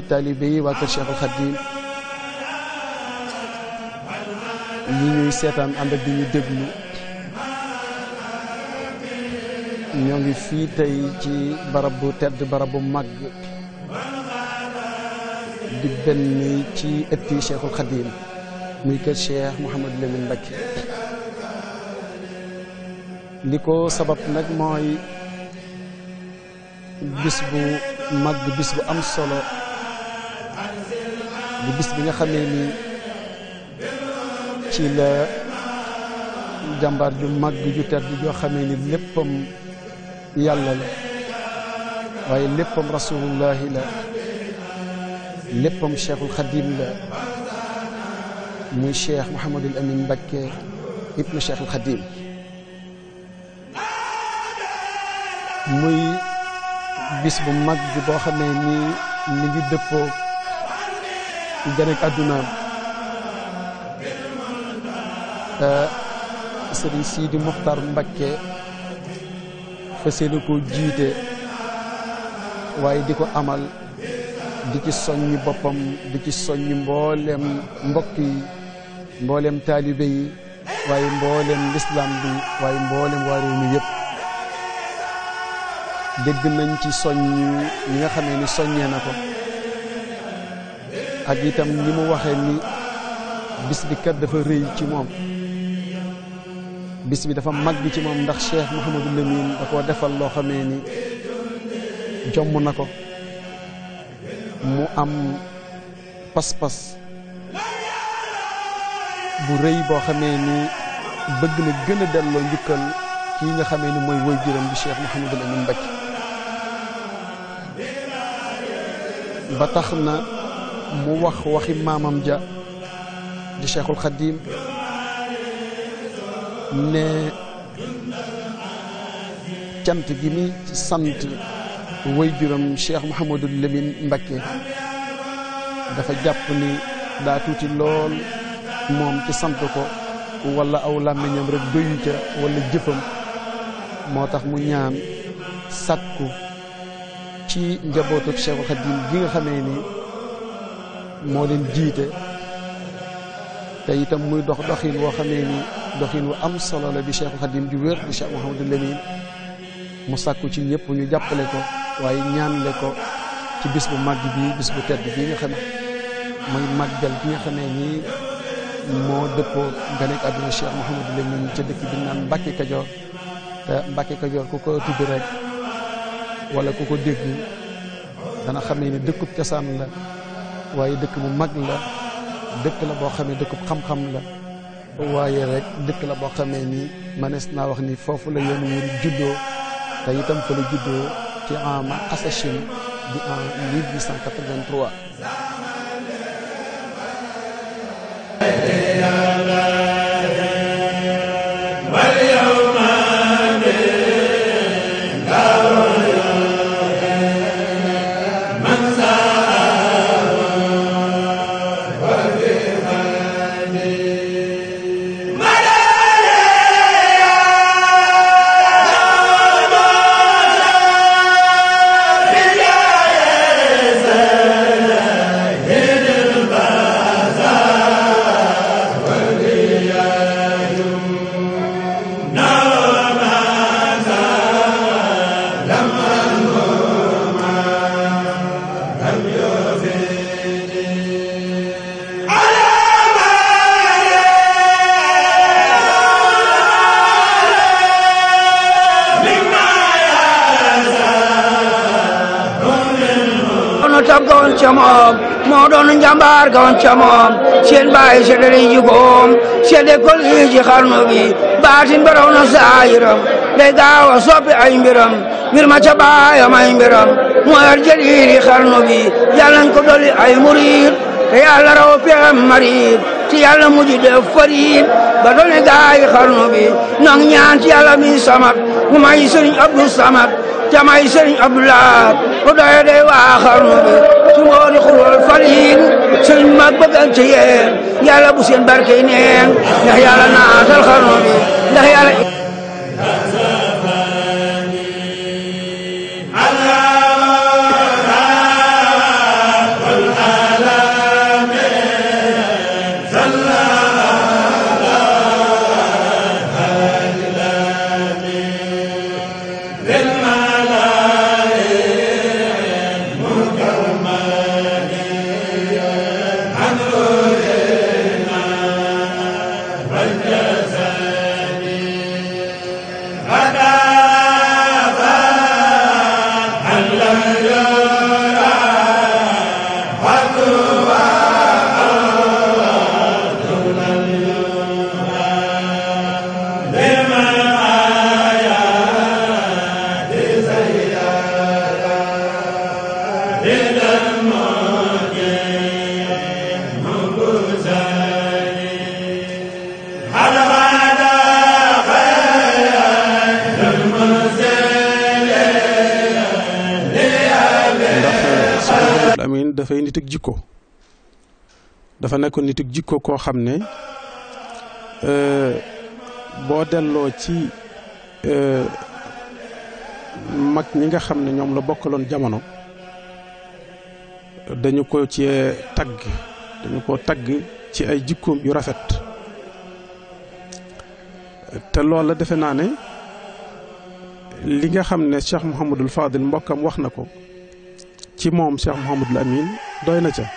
yi taalibe waa kër Cheikhul Khadim ñi ñuy seetaan ànd ak di ñu déglu ñoo ngi fii tey ci barab bu tedd barab bu màgg di benn ci ëtti Cheikhul Khadim muy kër Cheikh Mouhamadou Lamine Mbacké li ko sabab nag mooy bis bu màgg am solo di bis bi nga xamee ni ci la jàmbaar ju màgg ju tedd joo xamee ni léppam yàlla la waaye léppam rasulullahi la léppam cheikhul xadim la muy cheikh Mouhamadul Amin Mbakke ibnu cheikhul xadim muy bis bu mag bi boo xamee ni mi ngi dëppoo ci ganeek àddunaam sëriñ Muxtar Mbakke fas yéene koo jiite waaye di ko amal di ci soññ boppam di ci soññ mboolem mbokk yi mboolem taalibe yi waaye mboolem lislaam bi waaye mboolem waa yépp mi dégg nañ ci soññ ñi nga xamee ni soññee na ko ak itam ni mu waxee ni bis bi kat dafa rëy ci moom bis bi dafa mag ci moom ndax Cheikh Mouhamadou Lamine da koo defal loo xamee ni jomm na ko mu am pas-pas bu rëy boo xamee ni bëgg na gën a delloo njukkal kii nga xamee ni mooy woy juróom bi Cheikh Mouhamadou Lamine Mbacke ba tax na mu wax waxi maamam ja di Cheikhul Khadim ne cant gi mi sant way juram Cheikh Mouhamadul Lamine Mbacké dafa jàpp ni daa tuuti lool moom ci sant ko wala aw làmmiñam rek doyu ca wala jëfam moo tax mu ñaan sàkku ci njabootu Cheikhul Khadim gi nga xamee ni moo leen jiite te itam muy dox doxin woo xamee ni doxin wu am solo la di Cheikh Khadim di wér di Cheikh Mouhamadou mu sàkku ci ñépp ñu jàppale ko waaye la ko ci bis bu màgg bi bis bu tedd bii nga xam mooy bi nga xamee ni moo dëppoo ganek àdduna Cheikh Mouhamadou Lamine ca dëkk bi naan Kajoor te Kajoor ku ko tudd rek wala ku ko dégg dana xamee ni dëkkub sànn la waaye dëkk bu mag la dëkk la boo xam ne dëkkub xam-xam la waaye rek dëkk la boo xamee ni manees naa wax ni foofu la yoon wi juddoo te itam fa la juddoo ci ama asachine di en 1883 ca moo doon njàmbaar ga woon ca moom seen baay seddale jikoom sedde kol yi ci bi baatin ba raw na saayiram day gaaw a soppi ay mbiram mbir ma ca baayam ay mbiram mooy al jaliili xarnu bi yàlla nañ ko dolli ay murid te yàlla raw pexem marid ci yàlla mujj def farid ba dolli gaay xarnu bi nang ñaan ci yàlla mi samat mu may sëriñ Abdou Samad te may sëriñ Abdoulaye bu doye day waa xarnu bi woon i xurul farin sëñ mag bëgg ak ci yéen yàlla bu seen barke neen ndax yàlla naatal xarnu bi ndax yàlla yaa jikko dafa nekkoon nituk jikko koo xam ne euh, boo delloo ci euh, mag ñi nga xam ne ñoom la bokkaloon jamono dañu ko ci tagg dañu ko tagg ci ay jikkoom yu rafet te la defe naa ne li nga xam ne Cheikh Mouhamadul Fadil mbokkam wax na ko ci moom Cheikh Mouhamadul Amin doy na ca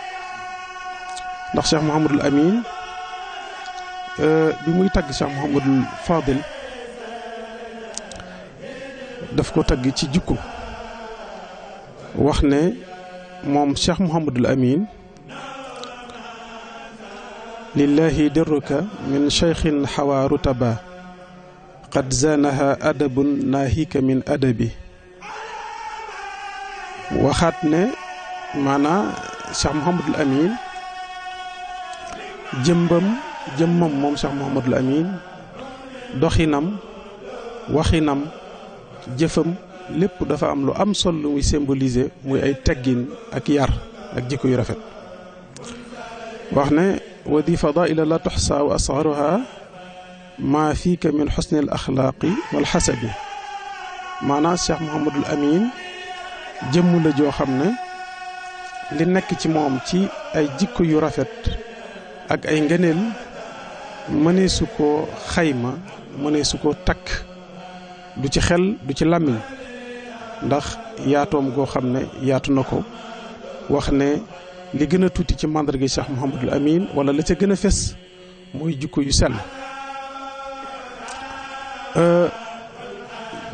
ndax Cheikh Mouhamadul Amin euh, bi muy tagg Cheikh Mouhamadul Fadil daf ko tagg ci jikko wax ne moom Cheikh Mouhamadul Amin lillahi dirruka min cheikhin xawaa rutaba qad zaanaha adabun naahika min adabi waxaat ne maanaa Cheikh Mouhamadul Amin jëmbam jëmmam moom Cheikh Mouhamadul Amin doxinam waxinam jëfam lépp dafa am lu am solo lu muy symboliser muy ay teggin ak yar ak jikko yu rafet wax ne wa di fadaila la tuxsa wa asxaruha maa fiika min xusni al axlaaqi xasabi maanaam Cheikh Mouhamadul Amin jëmm joo xam ne li nekk ci moom ci ay jikko yu rafet ak ay ngëneel mëneesu ko xayma mëneesu ko takk du ci xel du ci làmmiñ ndax yaatoom goo xam ne yaatu na ko wax ne li gën a tuuti ci màndarga Cheikh Mouhamadul Amin wala la ca gën a fes mooy jikko yu sell euh,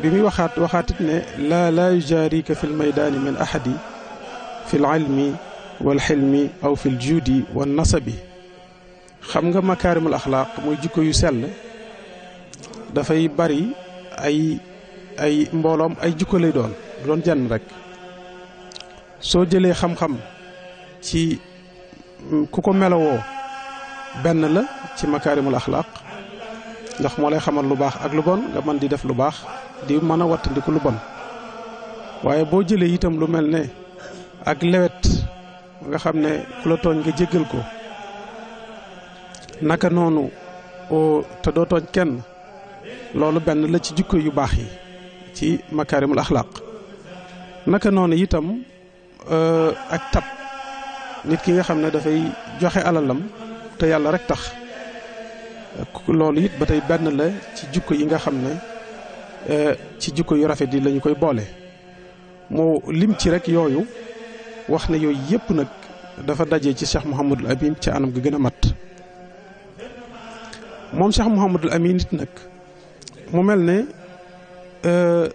bi muy waxaat waxaatit ne laa laa yujaarika fil maydaani min ahadi fi l ilmi wal xilmi aw fi l juudi nasabi xam nga makaarimul axlaaq mooy jikko yu sell dafay bari ay ay mbooloom ay jukko lay doon du doon jenn rek soo jëlee xam-xam ci ku ko melowoo benn la ci makaarimul axlaaq ndax moo lay xamal lu baax ak lu bon nga mën di def lu baax di mën a wattandiku lu bon waaye boo jëlee itam lu mel ne ak lewet nga xam ne ku la tooñ nga jéggal ko naka noonu te doo tooñ kenn loolu benn la ci jikko yu baax yi ci makaarimul axlaaq naka noonu itam e, ak tab nit ki nga xam ne dafay joxe alalam te yàlla rek tax loolu it ba tey benn la ci jukko yi nga xam ne e, ci jukko yu rafet yi lañu koy boole moo lim ci rek yooyu wax ne yooyu yëpp nag dafa daje ci Cheikh Mouhamadul Amin ci anam gi gën a mat moom Cheikh Mouhamadul Amin it nag mu mel ne euh,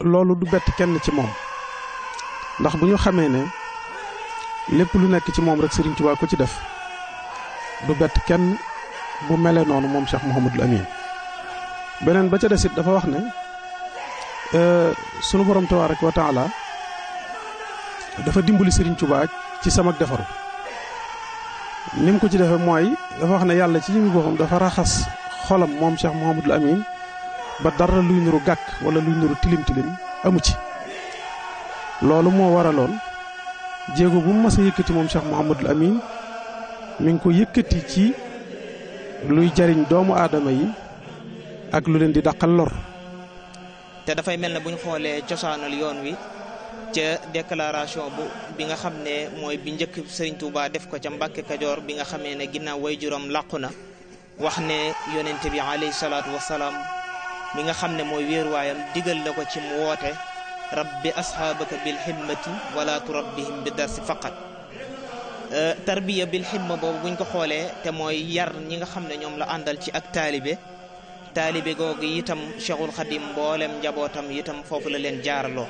loolu du bett kenn ci moom ndax bu ñu xamee ne lépp lu nekk ci moom rek Serigne Touba ko ci def du bett kenn bu mele noonu moom Cheikh Mouhamadul Amin beneen ba ca des it dafa wax ne euh, sunu borom tabaaraka wa taala dafa dimbali Serigne Touba ci sama defaru nim ko ci defee mooy dafa wax ne yàlla ci jëmmi boppam dafa raxas xolam moom Cheikh Mouhamadul Amin ba dara luy nuru gàkk wala luy nuru tilim tilim amu ci. loolu moo waraloon jéego bu mu mas a yëkkati moom Cheikh Mouhamadul Amin mi ko yëkkati ci luy jariñ doomu aadama yi ak lu leen di daqal lor. te dafay mel ne buñu xoolee cosaanal yoon wi. ca déclaration bu bi nga xam ne mooy bi njëkk Sëriñ Tuuba def ko ca Mbàkke Kajoor bi nga xamee ne ginnaaw way juróom làqu na wax ne yonent bi alayhi salaatu wasalaam mi nga xam ne mooy wéeruwaayam digal na ko ci mu woote rabbi asxaabaka bil himmati wala turabbihim bi darsi faqat euh, tarbiya bil himma boobu buñ ko xoolee te mooy yar ñi nga xam ne ñoom la àndal ci ak taalibe taalibe googu itam Cheikhul Xadim mboolem njabootam itam foofu la leen jaaraloo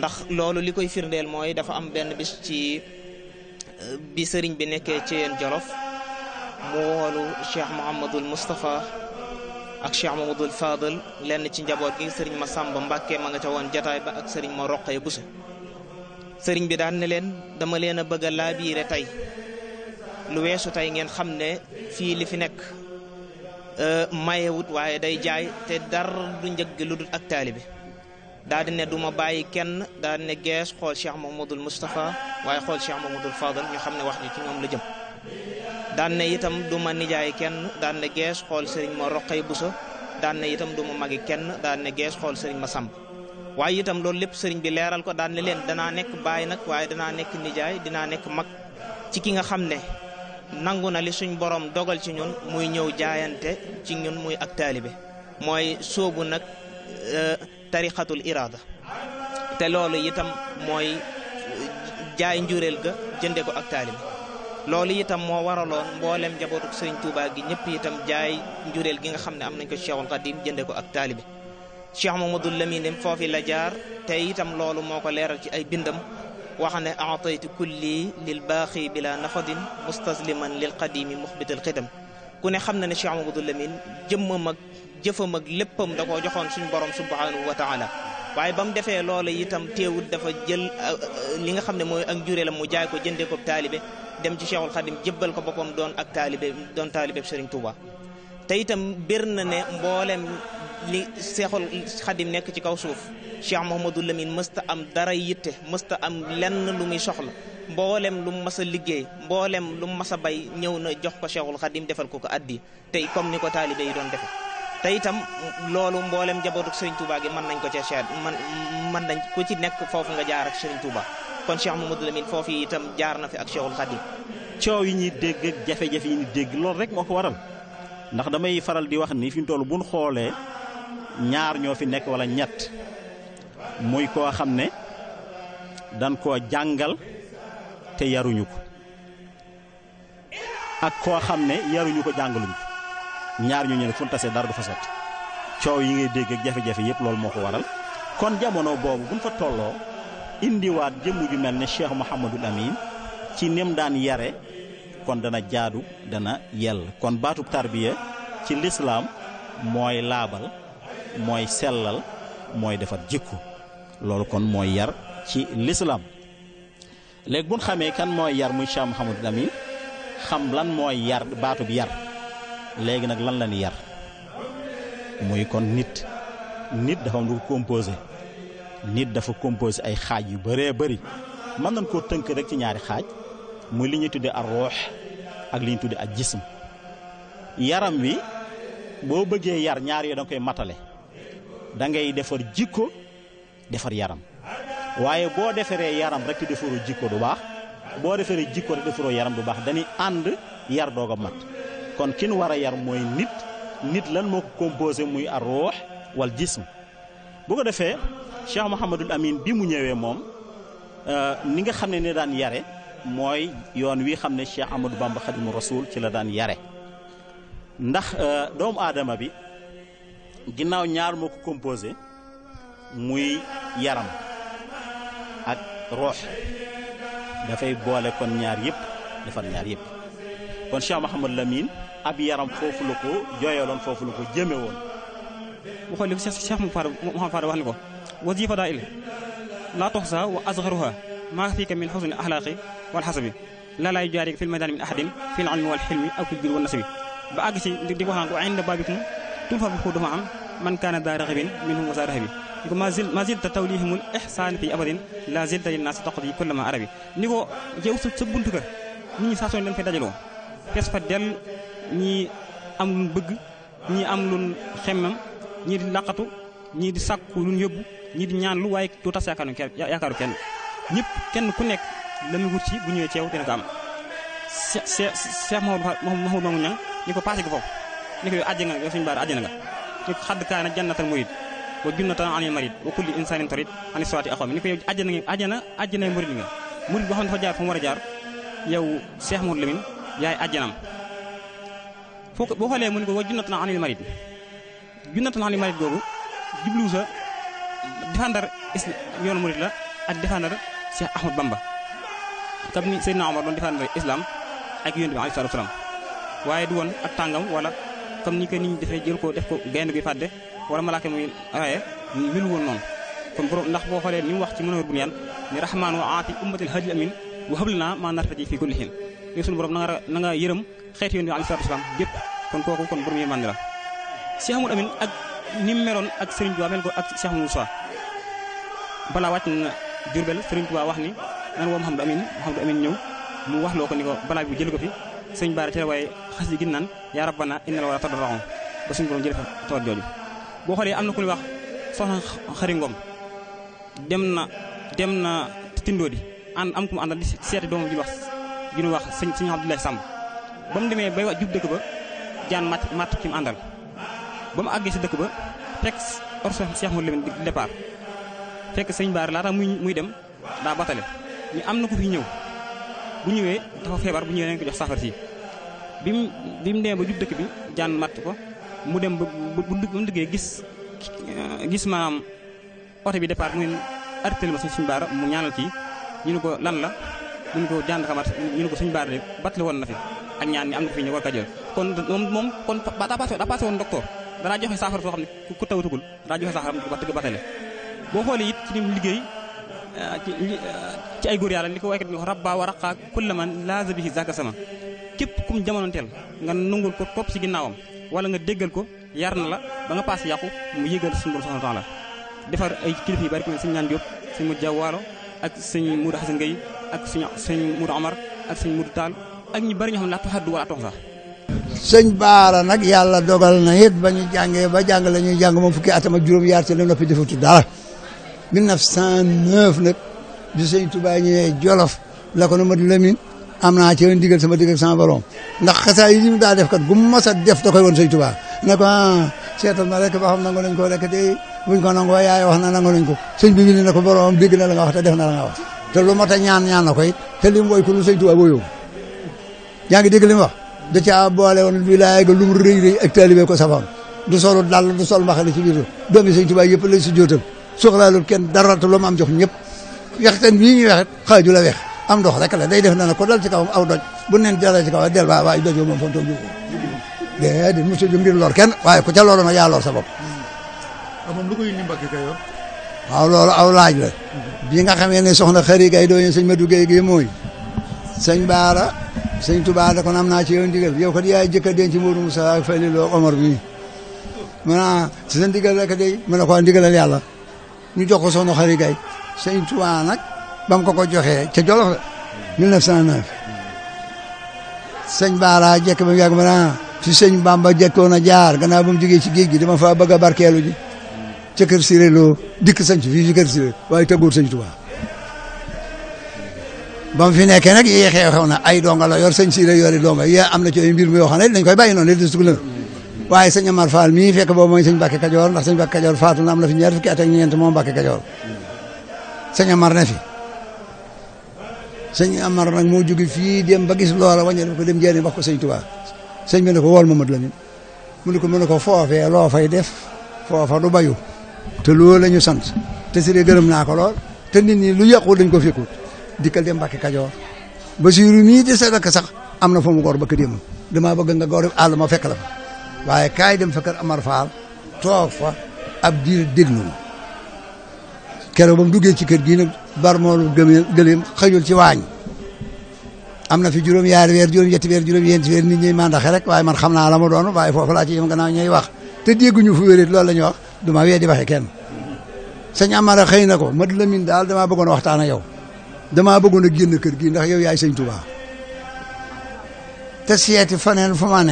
ndax loolu li koy firndeel mooy dafa am benn bis ci euh, bi sëriñ bi nekkee ci yeen jolof mu woolu cheikh Mouhamadul Moustapha ak cheikh Mouhamadul Fadal lenn ci njaboot gi sëriñ Massamba mbakke ma nga ca woon jataay ba ak sëriñ ma roqee busa sëriñ bi daal ne leen dama leen a bëgg a laabiire tey lu weesu tey ngeen xam ne fii li fi nekk euh, mayewut waaye day jaay te dar du njëg lu dul ak taalibe bi daal di ne du ma bàyyi kenn daal di ne gees xool Cheikh Mahmoudul Moustapha waaye xool Cheikh Mahmoudul Fadal ñu xam ne wax ji ci ñoom la jëm daan itam du ma nijaay kenn daan gees xool sëriñ ma roqay busa daan itam du ma magi kenn daan ne gees xool Serigne ma sàmb waaye itam loolu lépp sëriñ bi leeral ko daan leen danaa nekk baay nag waaye danaa nekk nijaay dinaa nekk mag ci ki nga xam ne nangu na li suñ boroom dogal ci ñun muy ñëw jaayante ci ñun muy ak taalibe mooy sóobu euh, tariqatul iraada te loolu itam mooy jaay njureel ga jënde ko ak taalibe loolu itam moo waraloon mboolem njabootu sëriñ Touba gi ñëpp itam jaay njureel gi nga xam ne am nañ ko Cheikhul Xadim jënde ko ak taalibe Cheikh Mamadou Lamine foofi la jaar te itam loolu moo ko leeral ci ay bindam wax ne aataytu kulli lil baaxi bila nafadin mustasliman lil qadimi muxbital xidam ku ne xam na ne Cheikh Mamadou Lamine jëmmam ak jëfam ak léppam da koo joxoon suñu borom subhanahu wa taala waaye ba mu defee loola itam teewut dafa jël euh, li nga xam ne mooy ak njuree la mu jaay ko jënde ko taalibe dem ci Cheikhul Khadim jëbbal ko boppam doon ak taalibe doon taalibe Serigne Touba te itam bir na ne mboolem li Cheikhul Khadim nekk ci kaw suuf Cheikh Mouhamadou Lamine mësta am dara yitte mësta am lenn lu muy soxla mboolem lu mu mas a liggéey mboolem lu mu mas a bay ñëw na jox ko Cheikhul Khadim defal ko ko addi te comme ni ko taalibe yi doon defe tey itam loolu mbooleem njabootuk Serigne Touba gi mën nañ ko ci seet man mën nañ ko ci nekk foofu nga jaar ak Serigne Touba kon Cheikh Mamadou Lamine foofu yi itam jaar na fi ak Cheikhul Khadim coow yi ñuy dégg ak jafe-jafe yi ñuy dégg loolu rek moo ko waral ndax damay faral di wax ni fi mu toll bu xoolee ñaar ñoo fi nekk wala ñett muy koo xam ne dan koo jàngal te yaruñu ko ak koo xam ne yaruñu ko jàngaluñ ko ñaar ñu ñëw fu ñu tasee dara dafa fa coow yi ngay dégg ak jafe-jafe yëpp loolu moo ko waral kon jamono boobu buñ fa tolloo indiwaat jëmm ju mel ne Cheikh Mouhamadul Amin ci nim daan yare kon dana jaadu dana yell kon baatub tarbiya ci lislaam mooy laabal mooy sellal mooy defar jikko loolu kon mooy yar ci lislaam léegi bu ñu xamee kan mooy yar muy Cheikh Mouhamadul Amin xam lan mooy yar bi yar léegi nag lan la yar muy kon nit nit dafa am lu ko composé nit dafa composé ay xaaj yu bëree bëri mën nañ koo tënk rek ci ñaari xaaj muy li ñuy tuddee ar ruux ak li ñuy tuddee ak jism yaram wi boo bëggee yar ñaar yooyu da koy matale dangay ngay defar jikko defar yaram waaye boo defaree yaram rek te defaroo jikko du baax boo defaree jikko rek defaroo yaram du baax dañuy ànd yar doog a mat kon kin war a yar mooy nit nit lan moo ko composé muy ar walla wal boo ko defee Cheikh Mouhamadul Amin bi mu ñëwee moom euh, ni nga xam ne ne daan yare mooy yoon wi xam ne Cheikh Amadou Bamba Xadimu Rasul ci la daan yare ndax euh, doomu aadama bi ginnaaw ñaar moo ko composé muy yaram ak roox dafay boole kon ñaar yëpp defal ñaar yëpp kon Cheikh Mouhamadou Lamine ab yaram foofu la ko jooyaloon foofu la ko jëme woon bu xool li Cheikh Cheikh Mouhamed Fadel wax ni ko wasifa daa il laa tuxsa wa asgaruha maa fiika min xusni axlaaqi wal xasabi la laay jaari fi lmadani min ahadin fi l ilmi wal xilmi aw fi l bir wal nasabi ba àgg si di ko wax naan ko inda baabikum tul fa bi xu dafa am man kaana daa raxibin minhum wa saa raxibi ni ko ma zilta tawlihimul ihsaan fi abadin la zilta lin naasi taqdi kullama arabi ni ko yow sa buntu kër nit ñi saa soo leen fay dajaloo fees fa del ñii am luñ bëgg ñii am luñ xemmam ñii di laqatu ñii di sàkku luñ yóbbu ñii di ñaan lu waaye du tas yaakaaru kenn yaakaaru kenn ñëpp kenn ku nekk la mu wut ci bu ñëwee ceew dina ko am. se se Cheikh Mawal moom moomu ña ñu ko paase ko foofu ñu ko yow àjjana nga yow suñu baar àjjana nga ñu ko xadd kaana jun murid wa junnatan anil marid wa kulli insanin tarid ani sawati axoom ni ko yow àjjana nga àjjana àjjana murid nga murid boo xam ne dafa jaar fu mu war a jaar yow Cheikh Mawal Lamine yaay foo ko boo xoolee mu ne ko wa junnatun anil marid na anil marid googu jublu sa défendre is yoonu murid la ak défendre Cheikh Ahmad Bamba kam ni Seydina Omar doon défendre islam ak yonent bi alayhi salaatu wasalaam waaye du woon ak tàngam wala comme ni ko nit ñi defee jël ko def ko gaynde gi fàdde wala malaaka muy raye melu woon noonu kon borom ndax boo xoolee ni mu wax ci mën a bunyaan ni rahmaan wa aati ummatil hadi amin wa hab lanaa maa na nga yërëm xeetu yoon alayhi salaatu salaam yëpp kon kooku kon borom yéemaan la Cheikh Amin ak ni mu meloon ak Serigne Touba mel ko ak Cheikh Moussa balaa wàcc na Jurbel Serigne Touba wax ni nan woo Mouhamadou Amin Mouhamadou Amin ñëw mu wax loo ko ni ko balaa bi jël ko fi sëñ Baara ci waaye xas yi gin naan yaa rabbana innal wala taddu raxoon ba suñu borom jël fa tawat jooju boo xoolee am na ku ñuy wax soxna Xari Ngom dem na dem na tindoo di ànd am ku mu àndal di seeti doomam ji wax ji ba mu demee bay jub dëkk ba jaan mat matt ki mu àndal ba mu àggee si dëkk ba fekk orso Cheikh Mouhamadou Lamine di départ fekk sëñ Baar laata muy muy dem daa batale ñu am na ko fi ñëw bu ñëwee dafa feebar bu ñëwee nañ ko jox saafara bi mu bi mu demee ba jub dëkk bi jaan matt ko mu dem ba bu bu duggee gis gis maanaam oto bi départ mu ne ma suñ baar mu ñaanal ci ñu ne ko lan la buñ ko jaan xamat ñu ne ko suñu baar de battali woon na fi ak ñaan ñi am na fi ñu war ko jël kon moom moom kon daa passé daa woon docteur danaa joxe saafara soo xam ne ku tawatugul danaa joxe saafara ba tëgg batale boo xoolee it ci nim liggéey ah, ah, ci ay góor yàlla li ko waykat bi wax rabba wa raqa kulla man laaza bihi zaka sama képp kum jamono teel nga nungul ko topp ci ginnaawam wala nga déggal ko yar na la ba nga paas yàqu mu yëgal suñu borom subhanahu wa taala defar ay kilifa yu bari ku mel sëñ ñaan Jóob mu jawwaalo ak ak suñu sëñ Mourou Amar ak sëñ Mourou Tall ak ñu bari ñoo xam ne laa taxaddu wala tox sax sëñ Baara nag yàlla dogal na it ba ñu jàngee ba jàng la ñuy jàng moom fukki atam ak juróom-yaar ci la noppi defatu dara 1909 nag bi sëñ Touba ñëwee Jolof la ko na mat Lamine am naa ci ndigal sama digal sama borom ndax xasaa yi mu daa def kat gu mas a def da koy woon sëñ Touba ne ko ah seetal ma rek ba xam nangu nañ ko rek te buñ ko nangoo yaay wax na nangu nañ ko sëñ bi bi ne ko borom dégg na la nga wax te def na la nga wax te lu ta a ñaan ñaan na ko it te lim woy ko lu sëñ Tuubaa woyoo yaa ngi dégg li mu wax da caa boole woon wilaaya ga lu mu rëy rëy ak taalibe ko safoon du solu dàll du sol mbaxale ci biir doomi sëñ Tuubaa yëpp lañ si jootal kenn dara te lu mu am jox ñëpp wexteen bii ñuy wex xaaju la wex am ndox rek la day def na ne ko dal ci kawam aw doj bu neen dal ci kawam del waa waay doj moom fa toog jóg déedéet monsieur Diop mbir lor kenn waaye ku ca loolu nag yaa lor sa bopp. Ah, moom lu koy indi Mbàkke Kajoor. waaw loolu aw laaj la. bii nga xamee ne soxna xëri gay dooñu sëñ Madou Gueye gi mooy sëñ Baara sëñ Touba da kon am naa ci yow ndigal yow kat yaay jëkk a ci Modou Moussa sa Lo Omar mi maanaam ah, si sa ndigal rek day mën na ko ah, ndigalal yàlla ñu jox ko soxna xëri gay sëñ Touba nag ba ko ko joxee ca Jolof la 1909 sëñ Baara jekk ba mu yàgg ci ah, si sëñ ba jekkoon a jaar gannaaw ba mu jógee ci géej gi dama fa bëgg a barkeelu ji ca kër Siré Lo dikk sanc fii ci kër Siré waaye taggoor sëñ Tuubaa ba mu fi nekkee nag yéex a xew na ay donga la yor sëñ Siré yori donga yi am na ci ay mbir mu yoo xam ne dañ koy bàyyi noonu léegi des na waaye sëñ Amar Fall mii fekk boobu mooy sëñ Mbàkke Kajoor ndax sëñ Mbàkke Kajoor faatu na am na fi ñaar fukki at ak ñeent moom Mbàkke Kajoor sëñ Amar ne fi sëñ Amar nag moo jóge fii dem ba gis loola wàññi ko dem jéem wax ko sëñ Tuubaa sëñ bi ne ko wool Mamadu Lamin mu ne ko mu ne ko foofee loo fay def foofa du bayu te loolu la ñu sant te si dee gërëm naa ko lool te nit ñi lu yàqu dañ ko fekkut dikkal dem Mbàkke Kajoor Basiiru mii di sa rakk sax am na fa mu góor ba kër yëngu damaa bëgg nga góor àll ma fekk la fa waaye kaay dem fa kër Amar Fall toog fa ab diir déglu ma keroog ba mu duggee ci kër gii nag bar moolu gëmee gëleem xëyul ci waañ am na fi juróom-yaari weer juróom-ñetti weer juróom-ñeenti weer nit ñi mandaxe rek waaye man xam naa la ma doon waaye foofu laa ci yem gannaaw ñuy wax te dégguñu fu loolu la ñu wax du ma wee di waxe kenn sëñ Amara xëy na ko ma di la min daal damaa bëggoon a waxtaan ak yow damaa bëggoon a génn kër gi ndax yow yaay sëñ Touba te seeti faneen fu ma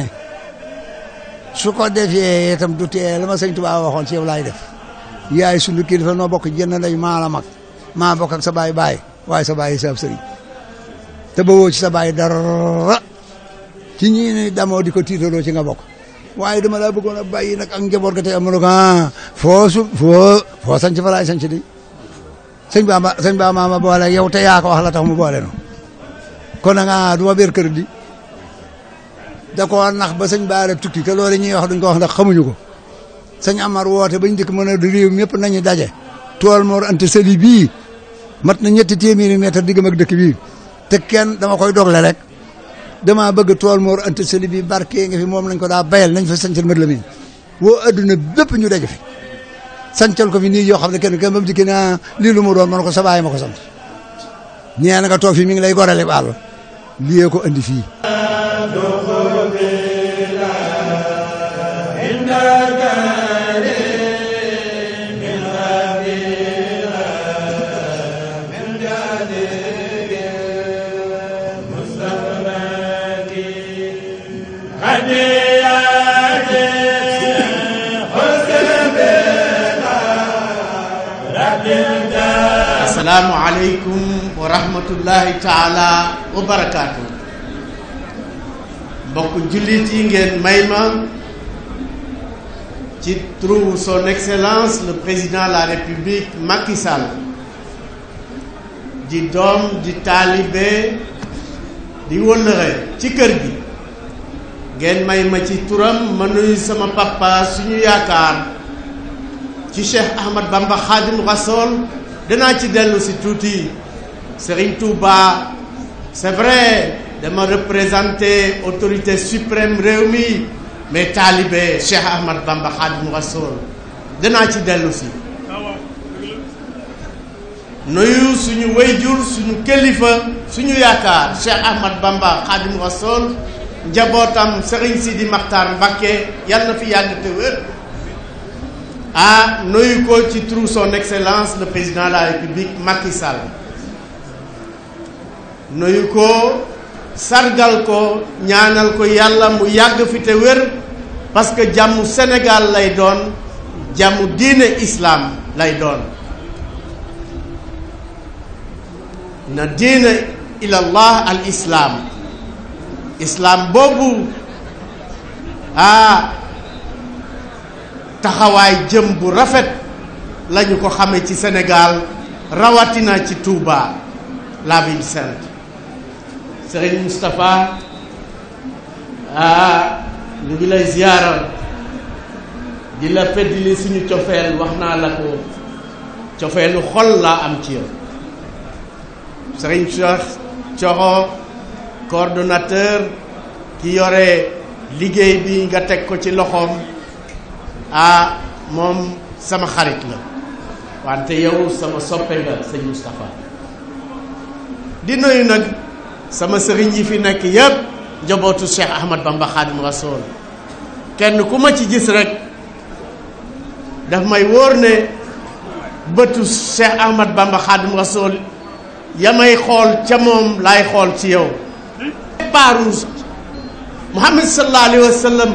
ko defee itam du tee la ma sëñ Touba waxoon ci yow laay def yaay sunu kilifa noo bokk jenn lañ maa mag maa bokk ak sa baay baay waaye sa baay saaf sëriñ te ba woo ci sa baay dara ci ñi damoo di ko tiitaloo ci nga bokk waaye dama laa bëggoon a bàyyi nag ak njaboot ga te am na ko ah foo su foo foo sanc fa laay sanc di sëñ Bamba sëñ boole yow te yaa ko wax la tax mu boole no ko nag ah du ma kër di da koo nax ba sëñ Baara tukki ka loolu ñuy wax duñ ko wax ndax xamuñu ko sëñ Amar woote bañ dikk mën a réew ñëpp nañu daje. tool Mor Anta Sali bii mat na ñetti téeméeri mètre diggam ak dëkk bi te kenn dama koy dogle rek. damaa bëgg tool moor ant seli bi barke nga fi moom lañ ko daa bayal nañ fa sancal mër la mi woo adduna bépp ñu daje fi sancal ko fi nii yoo xam ne kenn kenn ba mu dikkee naa lii lu mu doon man ko sabaay ma ko sant ñee na nga toog fii mi ngi lay gorale baal liyee ko andi fii assalaamu aleykum wa rahmatullahi taala mbokk jullit yi ngeen may ma ci turu son excellence le président de la république Macky Sall di doom di taalibe di wëllëre ci kër gi ngeen may ma ci turam ma nuyu sama papa suñu yaakaar ci Cheikh Ahmad Bamba Xaadim Rasool danaa ci dellu si tuuti Serigne Touba c'est vrai dama représenté autorité suprême réew mi mais taalibe Cheikh Ahmad Bamba Khadimu Rasoul danaa ci dellu si nuyu suñu wayjur suñu kilifa suñu yaakaar Cheikh Ahmad Bamba Khadimu Rasoul njabootam Serigne Sidi Makhtar Mbacké yàlla na fi yàgg te wér ah nuyu ko ci turu excellence le président de la république Macky Sall nuyu ko sargal ko ñaanal ko yàlla mu yàgg fi te wér parce que jàmmu Sénégal lay doon jàmmu diine islam lay doon na diine ilallah al islam islam boobu ah taxawaay jëm bu rafet lañu ko xamee ci senegaal rawatina ci Touba la ville sainte Serigne Moustapha ah ngi lay ziyaara di la feddili suñu cofeel wax naa la ko cofeelu xol laa am ci yow Serigne Cheikh Thioro ki yore liggéey bi nga teg ko ci loxoom ah moom sama xarit la wante yow sama soppe nga sëñ Moustapha di nuyu nag sama sëriñ yi fi nekk yépp njabootu Cheikh Ahmad Bamba Xaadimu Rasuul kenn ku ma ci gis rek daf may wóor ne bëtu Cheikh Ahmad Bamba Xaadimu Rasuul ya may xool ca moom laay xool ci yow paaru Muhammad sallallahu alayhi wa sallam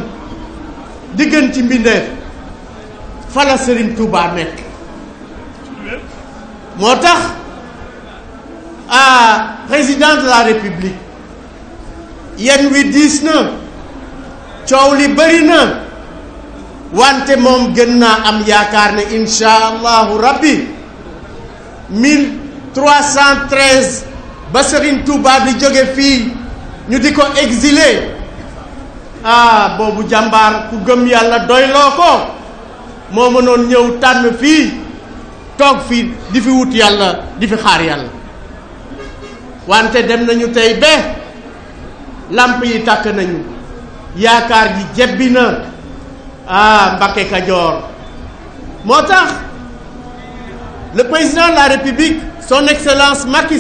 diggante mbindeef fa la Serigne Touba nekk moo tax ah président de la république yenn wi diis na coow li bëri na wante moom gën naa am yaakaar ne incha allahu rabbi mille trois ba sëriñ Touba di jóge fii ñu di ko exilé ah boobu jàmbaar ku gëm yàlla doyloo ko. moo mënoon ñëw tànn fii toog fii di fi wut yàlla di fi xaar yàlla wante dem nañu tey ba làmp yi tàkk nañu yaakaar ji jebbi na ah Mbacké Kadior moo tax le président de la république son excellence Macky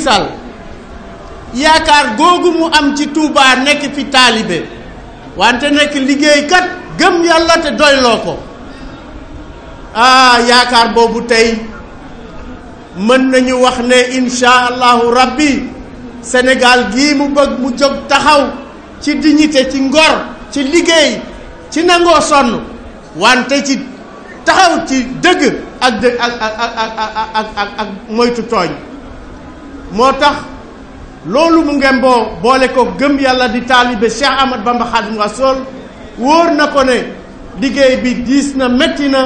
yaakaar googu mu am ci Touba nekk fi taalibe wante nekk liggéeykat gëm yàlla te doyloo ko ah yaakaar boobu tey mën nañu wax ne insha allahu rabbi Sénégal gii mu bëgg mu jóg taxaw ci dignité ci ngor ci liggéey ci nangoo sonn wante ci taxaw ci dëgg ak dë ak ak ak ak moytu tooñ moo tax loolu mu ngemboo boole ko gëm yàlla di taalibe Cheikh Ahmad Bamba Xaadimu Rasuul wóor na ko ne liggéey bi diis na metti na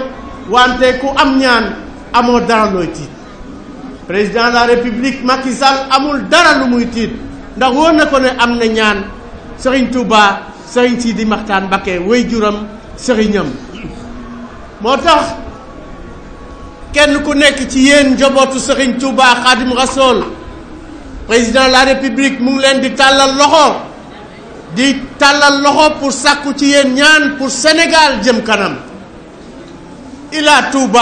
wante ku am ñaan amoo dara looy tiit président de la république Macky amul dara lu muy tiit ndax wóor na ko ne am na ñaan Serigne Touba Serigne Sidi Maxtaan Mbacké way juram sëriñam moo tax kenn ku nekk ci yéen njabootu Serigne Touba Khadim Rasoul président la république mu leen di tàllal loxo di tàllal loxo pour sàkku ci yéen ñaan pour Sénégal jëm kanam ila Touba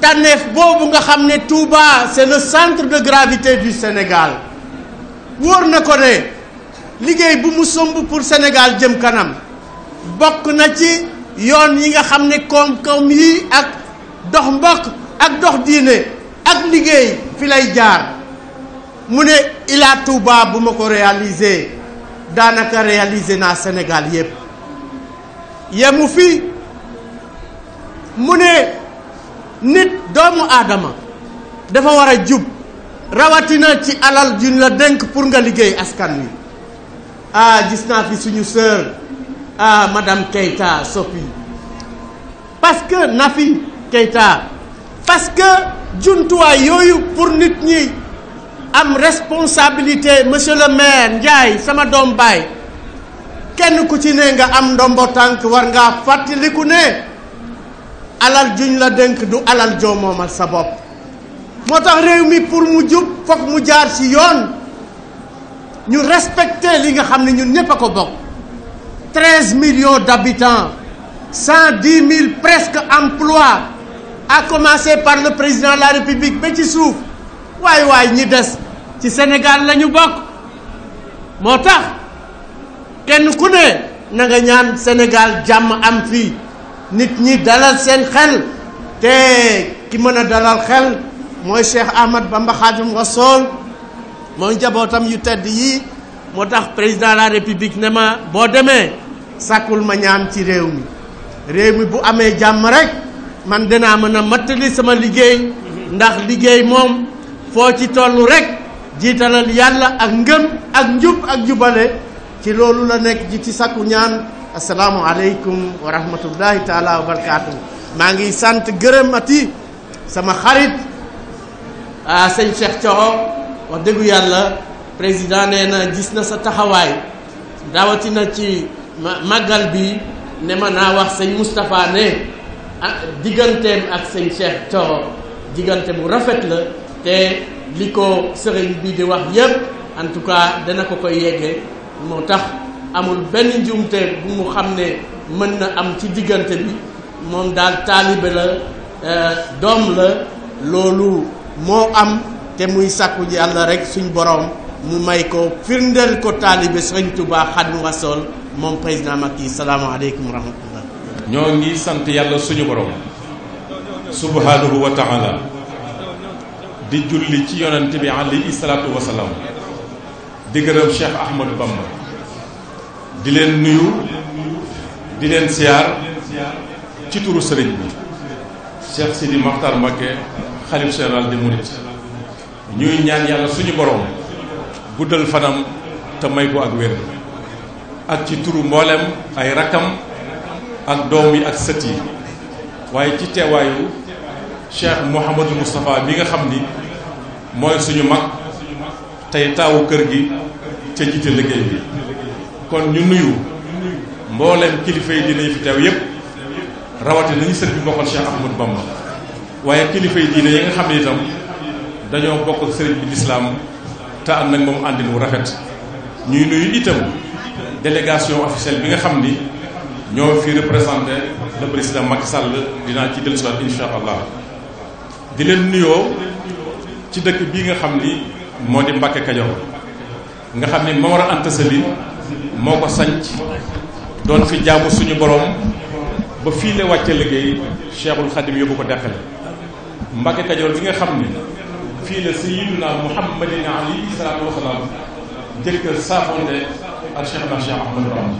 tànneef boobu nga xam ne Touba c'est le centre de gravité du Sénégal wóor na ko ne liggéey bu mu somb pour Sénégal jëm kanam bokk na ci yoon yi nga xam ne koom-koom yi ak dox mbokk ak dox diine ak liggéey fi lay jaar mu ne ila Touba bu ma ko réaliser daanaka réaliser naa Sénégal yépp yemu fi mu ne nit doomu aadama dafa war a jub rawatina ci alal juñ la dénk pour nga liggéey askan wi ah gis naa fi suñu sœur ah madame Keita Sophie parce que Nafi Keita parce que jumtuwaay yooyu pour nit ñi am responsabilité monsieur le maire Ndiaye sama doom baay kenn ku ci ne nga am ndombo tànk war ngaa ku ne alal juñ la dénk du alal joo moomal sa bopp moo tax réew mi pour mu jub foog mu jaar ci yoon ñu respecter li nga xam ne ñun ñëpp a ko bokk treize millions d'habitants cent dix mille presque emplois à commencer par le président la république ba ci suuf waay waay ñi des ci Sénégal lañu bokk moo tax kenn ku ne na nga ñaan Sénégal jàmm am fii nit ñi dalal seen xel te ki mën a dalal xel mooy Cheikh Ahmad Bamba Xaadimu Rasuul mooy njabootam yu tedd yi moo tax président la république ne ma boo demee sàkkul ma ñaam ci réew mi réew mi bu amee jàmm rek man dinaa mën a mattali sama liggéey ndax liggéey moom foo ci tollu rek jiitalal yàlla ak ngëm ak njub ak jubale ci loolu la nekk ji ci sàkku ñaan asalaamualeykum wa rahmatullahi taala wa barakaatu maa ngi sant gërëmati sama xarit ah sëñ Cheikh wax dëggu yàlla président nee gis na sa taxawaay rawatina ci màggal bi ne ma naa wax sëñ Moustapha ne ah, digganteem ak sëñ Cheikh Thioro diggante bu rafet la te li ko sëriñ bi di wax yëpp en tout cas dana ko ko yeggee moo tax. amul benn njuumte bu mu xam ne mën na am ci diggante bi moom daal taalibe la euh, doom la loolu moo am te muy sàkku yàlla rek suñu boroom mu may ko firndeel ko taalibe Sëriñ Tuubaa Xaadimu Rasuul moom président Macky salaamaaleykum wa rahmatullah ñoo ngi sant yàlla suñu boroom subhanahu wa taala di julli ci yonent bi alayhi salaatu wasalaam di gërëm Cheikh Ahmadou Bamba di leen nuyu di leen siyaar ci turu sëriñ bi Cheikh Sidi Mokhtar Mbacké xalif général des mourides ñuy ñaan yàlla suñu borom guddal fanam te may ko ak wér ak ci turu mbooleem ay rakkam ak doom yi ak sët yi waaye ci teewaayu Cheikh Mouhamadou Moustapha bi nga xam ni mooy suñu mag tey taawu kër gi ca jiite liggéey bi kon ñu nuyu mbooleem kilifa yi diine yi fi teew yépp rawate nañu sëriñ bi bokkoon Cheikh Ahmadou Bamba waaye kilifa yi diine yi nga xam ne itam dañoo bokk sëriñ bi lislaam te am nag moom àndin wu rafet ñuy nuyu itam délégation officielle bi nga xam ni ñoo fi représenté le président Macky Sall dinaa ci dellusiwaat insha allah di leen nuyoo ci dëkk bii nga xam ni moo di Mbàkke Kajoor nga xam ni Mawar Anta Sali moo ko sanc doon fi jaamu suñu borom ba fii la wàcce liggéey cheikhul xadim yóbbu ko deqale Mbàkke Kajoor bi nga xam ni fii la sayyiduna muhammadin alayhi salaatu wa salaam jëkkër saafonte ak cheikh na cheikh ahmadou bamba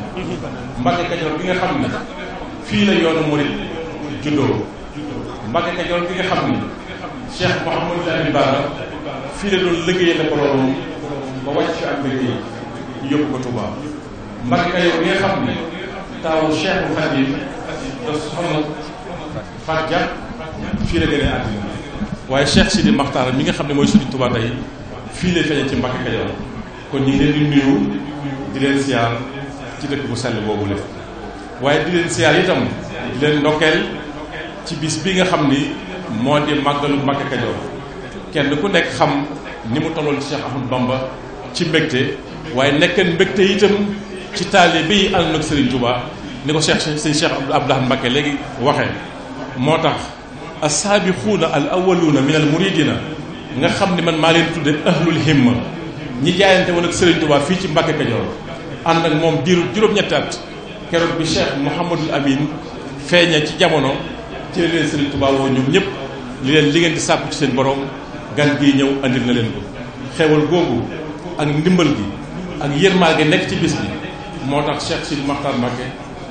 Mbàkke bi nga xam ne fii la yoonu murit juddoo Mbàkke Kajoor bi nga xam ne cheikh la doon liggéeyal la ba wàcc fi ak liggéey ñu yóbbu ko Touba Mbacke yow nga xam ne taawu Cheikh Khadim da soxna Fat Dia fii la gënee àddina waaye Cheikh Sidi Makhtar nga xam ne mooy Serigne fii lay kon ñu ngi leen di nuyu di leen siyaar ci dëkk bu sell boobu la waaye di leen siyaar itam di leen ndokkeel ci biis bi nga xam ni moo di màggalu Mbacke kenn ku nekk xam ni mu tolloon Cheikh Ahmadou Bamba ci mbégte waaye nekk te itam ci taalibe yi ànd ak Serigne Touba ni ko Cheikh sëñ Cheikh Abdou Ahad léegi waxee moo tax as-saabiquuna al awwaluuna min al muridiina nga xam ne man maa leen tudde ahlul himma ñi jaayante woon ak Serigne Touba fii ci Mbacké Kajoor ànd ak moom diiru juróom-ñetti at keroog bi Cheikh Mouhamadul Amine feeña ci jamono ci leen Serigne Touba woo ñoom ñëpp li leen li ngeen ci seen borom gan gi ñëw andil na leen ko xewal googu ak ndimbal gi ak yërmaage nekk ci bis bi moo tax Cheikh Sidi Makhtar Mbacké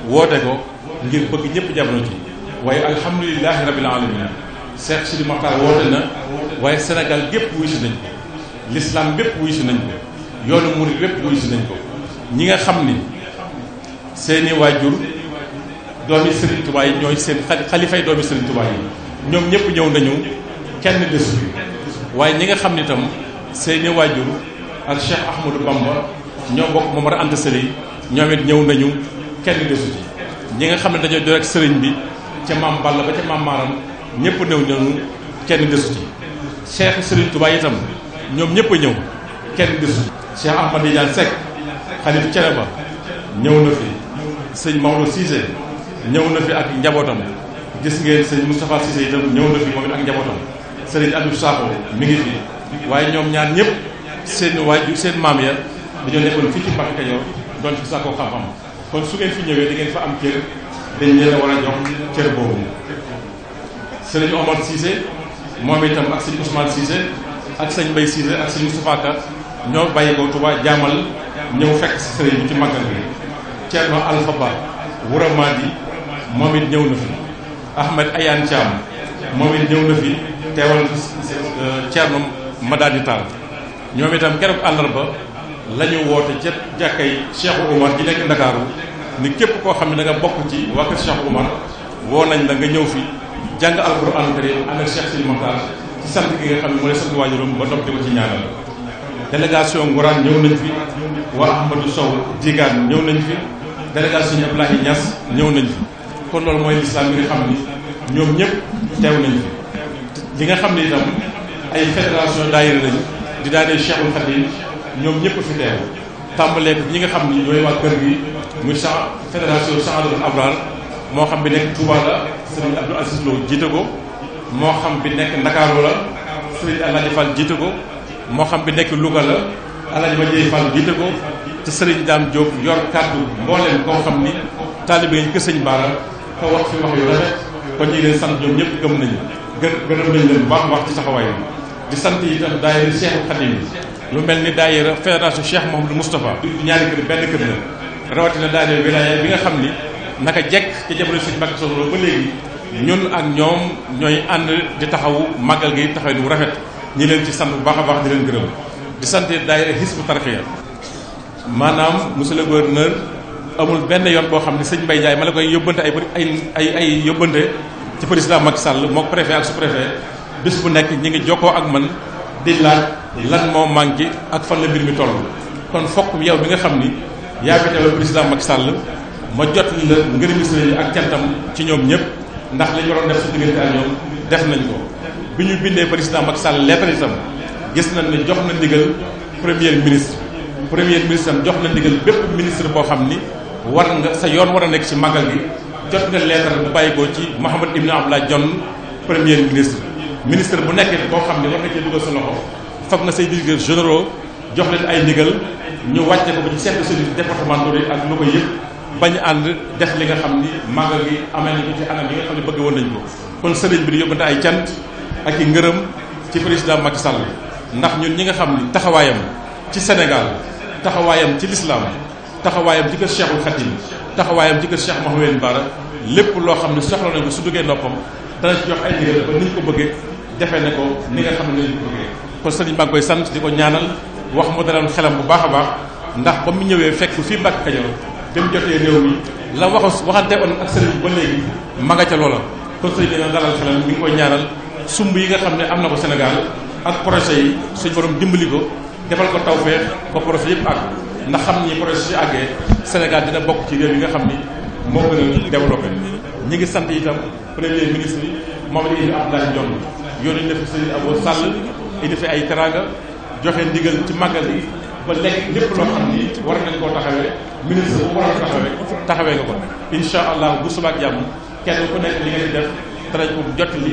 woote ko ngir bëgg ñëpp jamono ci waaye alhamdulilahi rabil alamin Cheikh Sidi Makhtar woote na waaye Sénégal gépp wuy si nañ ko l'islam bépp wuy si nañ ko yoonu murid bépp wuy si nañ ko ñi nga xam ni seeni waajur doomi Serigne Touba yi ñooy seen xalifay doomi Serigne Touba yi ñoom ñëpp ñëw nañu kenn desul waaye ñi nga xam ni tam seeni waajur ak Cheikh Ahmadou Bamba ñoo bokk moom war a ànd sëriñ ñoom ñëw nañu kenn desu ñi nga xam ne dañoo jor sëriñ bi ca maam Balla ba ca maam Maaram ñëpp ñëw nañu kenn desu ci cheikh sëriñ Touba itam ñoom ñëpp a ñëw kenn desu ci cheikh Ahmad Tidiane Seck xalif ba ñëw na fi sëñ Maodo Cissé ñëw na fi ak njabootam gis ngeen sëñ Moustapha Cissé itam ñëw na fi moom ak njabootam sëriñ Abdou Sakho mi ngi fi waaye ñoom ñaar ñëpp seen waaju seen maam ya dañoo nekkoon fii ci Mbacke Kajoor doon ci sàkkoo xam-xam kon su ngeen fi ñëwee da ngeen fa am cër dañ leen a war a jox cër boobu sëriñ Omar Cissé moom itam ak sëriñ Ousmane Cissé ak sëriñ bay Cissé ak sëriñ Moustapha Ka ñoo bàyyi ko Touba jaamal ñëw fekk si bi ci màggal bi Thierno Alpha Ba Wouramadi moom it ñëw na fi Ahmed Ayane Thiam moom it ñëw na fi teewal euh, Thierno Madani Tall ñoom itam keroog àllarba la ñu woote ca jàkkay Cheikh Oumar ji nekk Ndakaaru ni képp koo xam ne da nga bokk ci waa kër Cheikh Oumar woo nañ la nga ñëw fi jàng alxuraan karim ànd ak Cheikh Sidi Mokhtar ci sant ki nga xam ne moo lay sant waajuram ba topp di ko ci ñaanal délégation Ngourane ñëw nañ fi waa Ahmadou Sow Diegane ñëw nañ fi délégation Abdoulaye Niass ñëw nañ fi kon loolu mooy lislaam bi nga xam ni ñoom ñëpp teew nañ fi li nga xam ne itam ay fédération daayira lañ di daanee Cheikhul ñoom ñëpp fi teew tàmbalee ko ñi nga xam ni ñooy waa kër gi muy cha fédération Sahadatul Abrar moo xam bi nekk Touba la sëriñ Abdou Aziz Lo jiite ko moo xam bi nekk Ndakaaru la sëriñ Alaaji Fall jiite ko moo xam bi nekk Louga la Alaaji Ma Jeey Fall jiite ko te sëriñ Daam Diop yor kàddu mbooleem koo xam ni taalibe yi kër sëñ Baara te wax fi wax yu rafet kon ñu ngi leen sant ñoom ñëpp gëm nañu gën gërëm nañu leen wax ci taxawaay bi di sant itam daayira Cheikh Khadim lu mel ni daayira fédération Cheikh Mouhamadou Moustapha ñaari kër benn kër la rawatina daayira wilaaya bi nga xam ni naka jekk ci jamono sëñ Mbàkke Soxna Lo ba léegi ñun ak ñoom ñooy ànd di taxawu màggal gi taxaw bu rafet ñi leen ci sant bu baax a baax di leen gërëm di sant daayira Hizbut Tarqiyyah maanaam monsieur le gouverneur amul benn yoon boo xam ne sëñ Mbaye Ndiaye ma la koy yóbbante ay ay ay yóbbante ci président Macky Sall mook préfet ak sous préfet bis bu nekk ñi ngi jokkoo ak man di laaj lan moo manqué ak fan la mbir mi toll kon fokk yow bi nga xam ni yaa fi teewal président Macky Sall ma jot la ngërëmi sëriñ yi ak cantam ci ñoom ñëpp ndax li ñu waroon def su diggante ak ñoom def nañ ko bi ñu bindee président Macky sàll lettre itam gis nañ ne jox na ndigal premier ministre premier ministre am jox na ndigal bépp ministre boo xam ni war nga sa yoon war a nekk ci màggal gi jot nga lettre bu bàyyi ko ci Mahammed Ibn Abdallah Dionne premier ministre ministre bu nekkee boo xam ne war nga cee dugal sa loxo fab nga say directeur généraux jox leen ay ndigal ñu wàcce ko ba ci chef de service départementaux yi ak lu ko yëpp bañ ànd def li nga xam ni màggal gi amee nañ ko ci anam yi nga xam ne bëgg woon nañ ko kon sëriñ bi di yóbbante ay cant ak i ngërëm ci président Macky Sall ndax ñun ñi nga xam ni taxawaayam ci Sénégal taxawaayam ci lislaam taxawaayam ci kër Cheikhul Khadim taxawaayam ci kër Cheikh Mouhamed Bara lépp loo xam ne soxla nañ su duggee noppam dana jox ay ni ñu ko bëggee defee na ko ni nga xam ne lañu bëggee kon sëriñ baa ngi sant di ko ñaanal wax moo daloon xelam bu baax a baax ndax ba mu ñëwee fekk fii Mbàkke Kajoor dem jotee réew mi la wax waxante woon ak sëriñ ba léegi ma nga ca loola kon sëriñ dina dalal xelam mi yi nga xam ne am na ko senegal ak projet yi suñu borom dimbali ko defal ko tawfeex ba projet yëpp ak ndax xam ni projet si àggee senegal dina bokk ci réew yi nga xam ni moo gën a développé ñi ngi sant itam premier ministre bi Mamadou Abdoulaye yónnee na fi sëriñ Abo Sall indi fi ay teranga joxe ndigal ci màggal yi ba léegi lépp loo xam ni war nañ koo taxawee ministre bu war a taxawee taxawee nga ko incha allah bu subaak jàmm kenn ku nekk li nga di def danañ ko jot li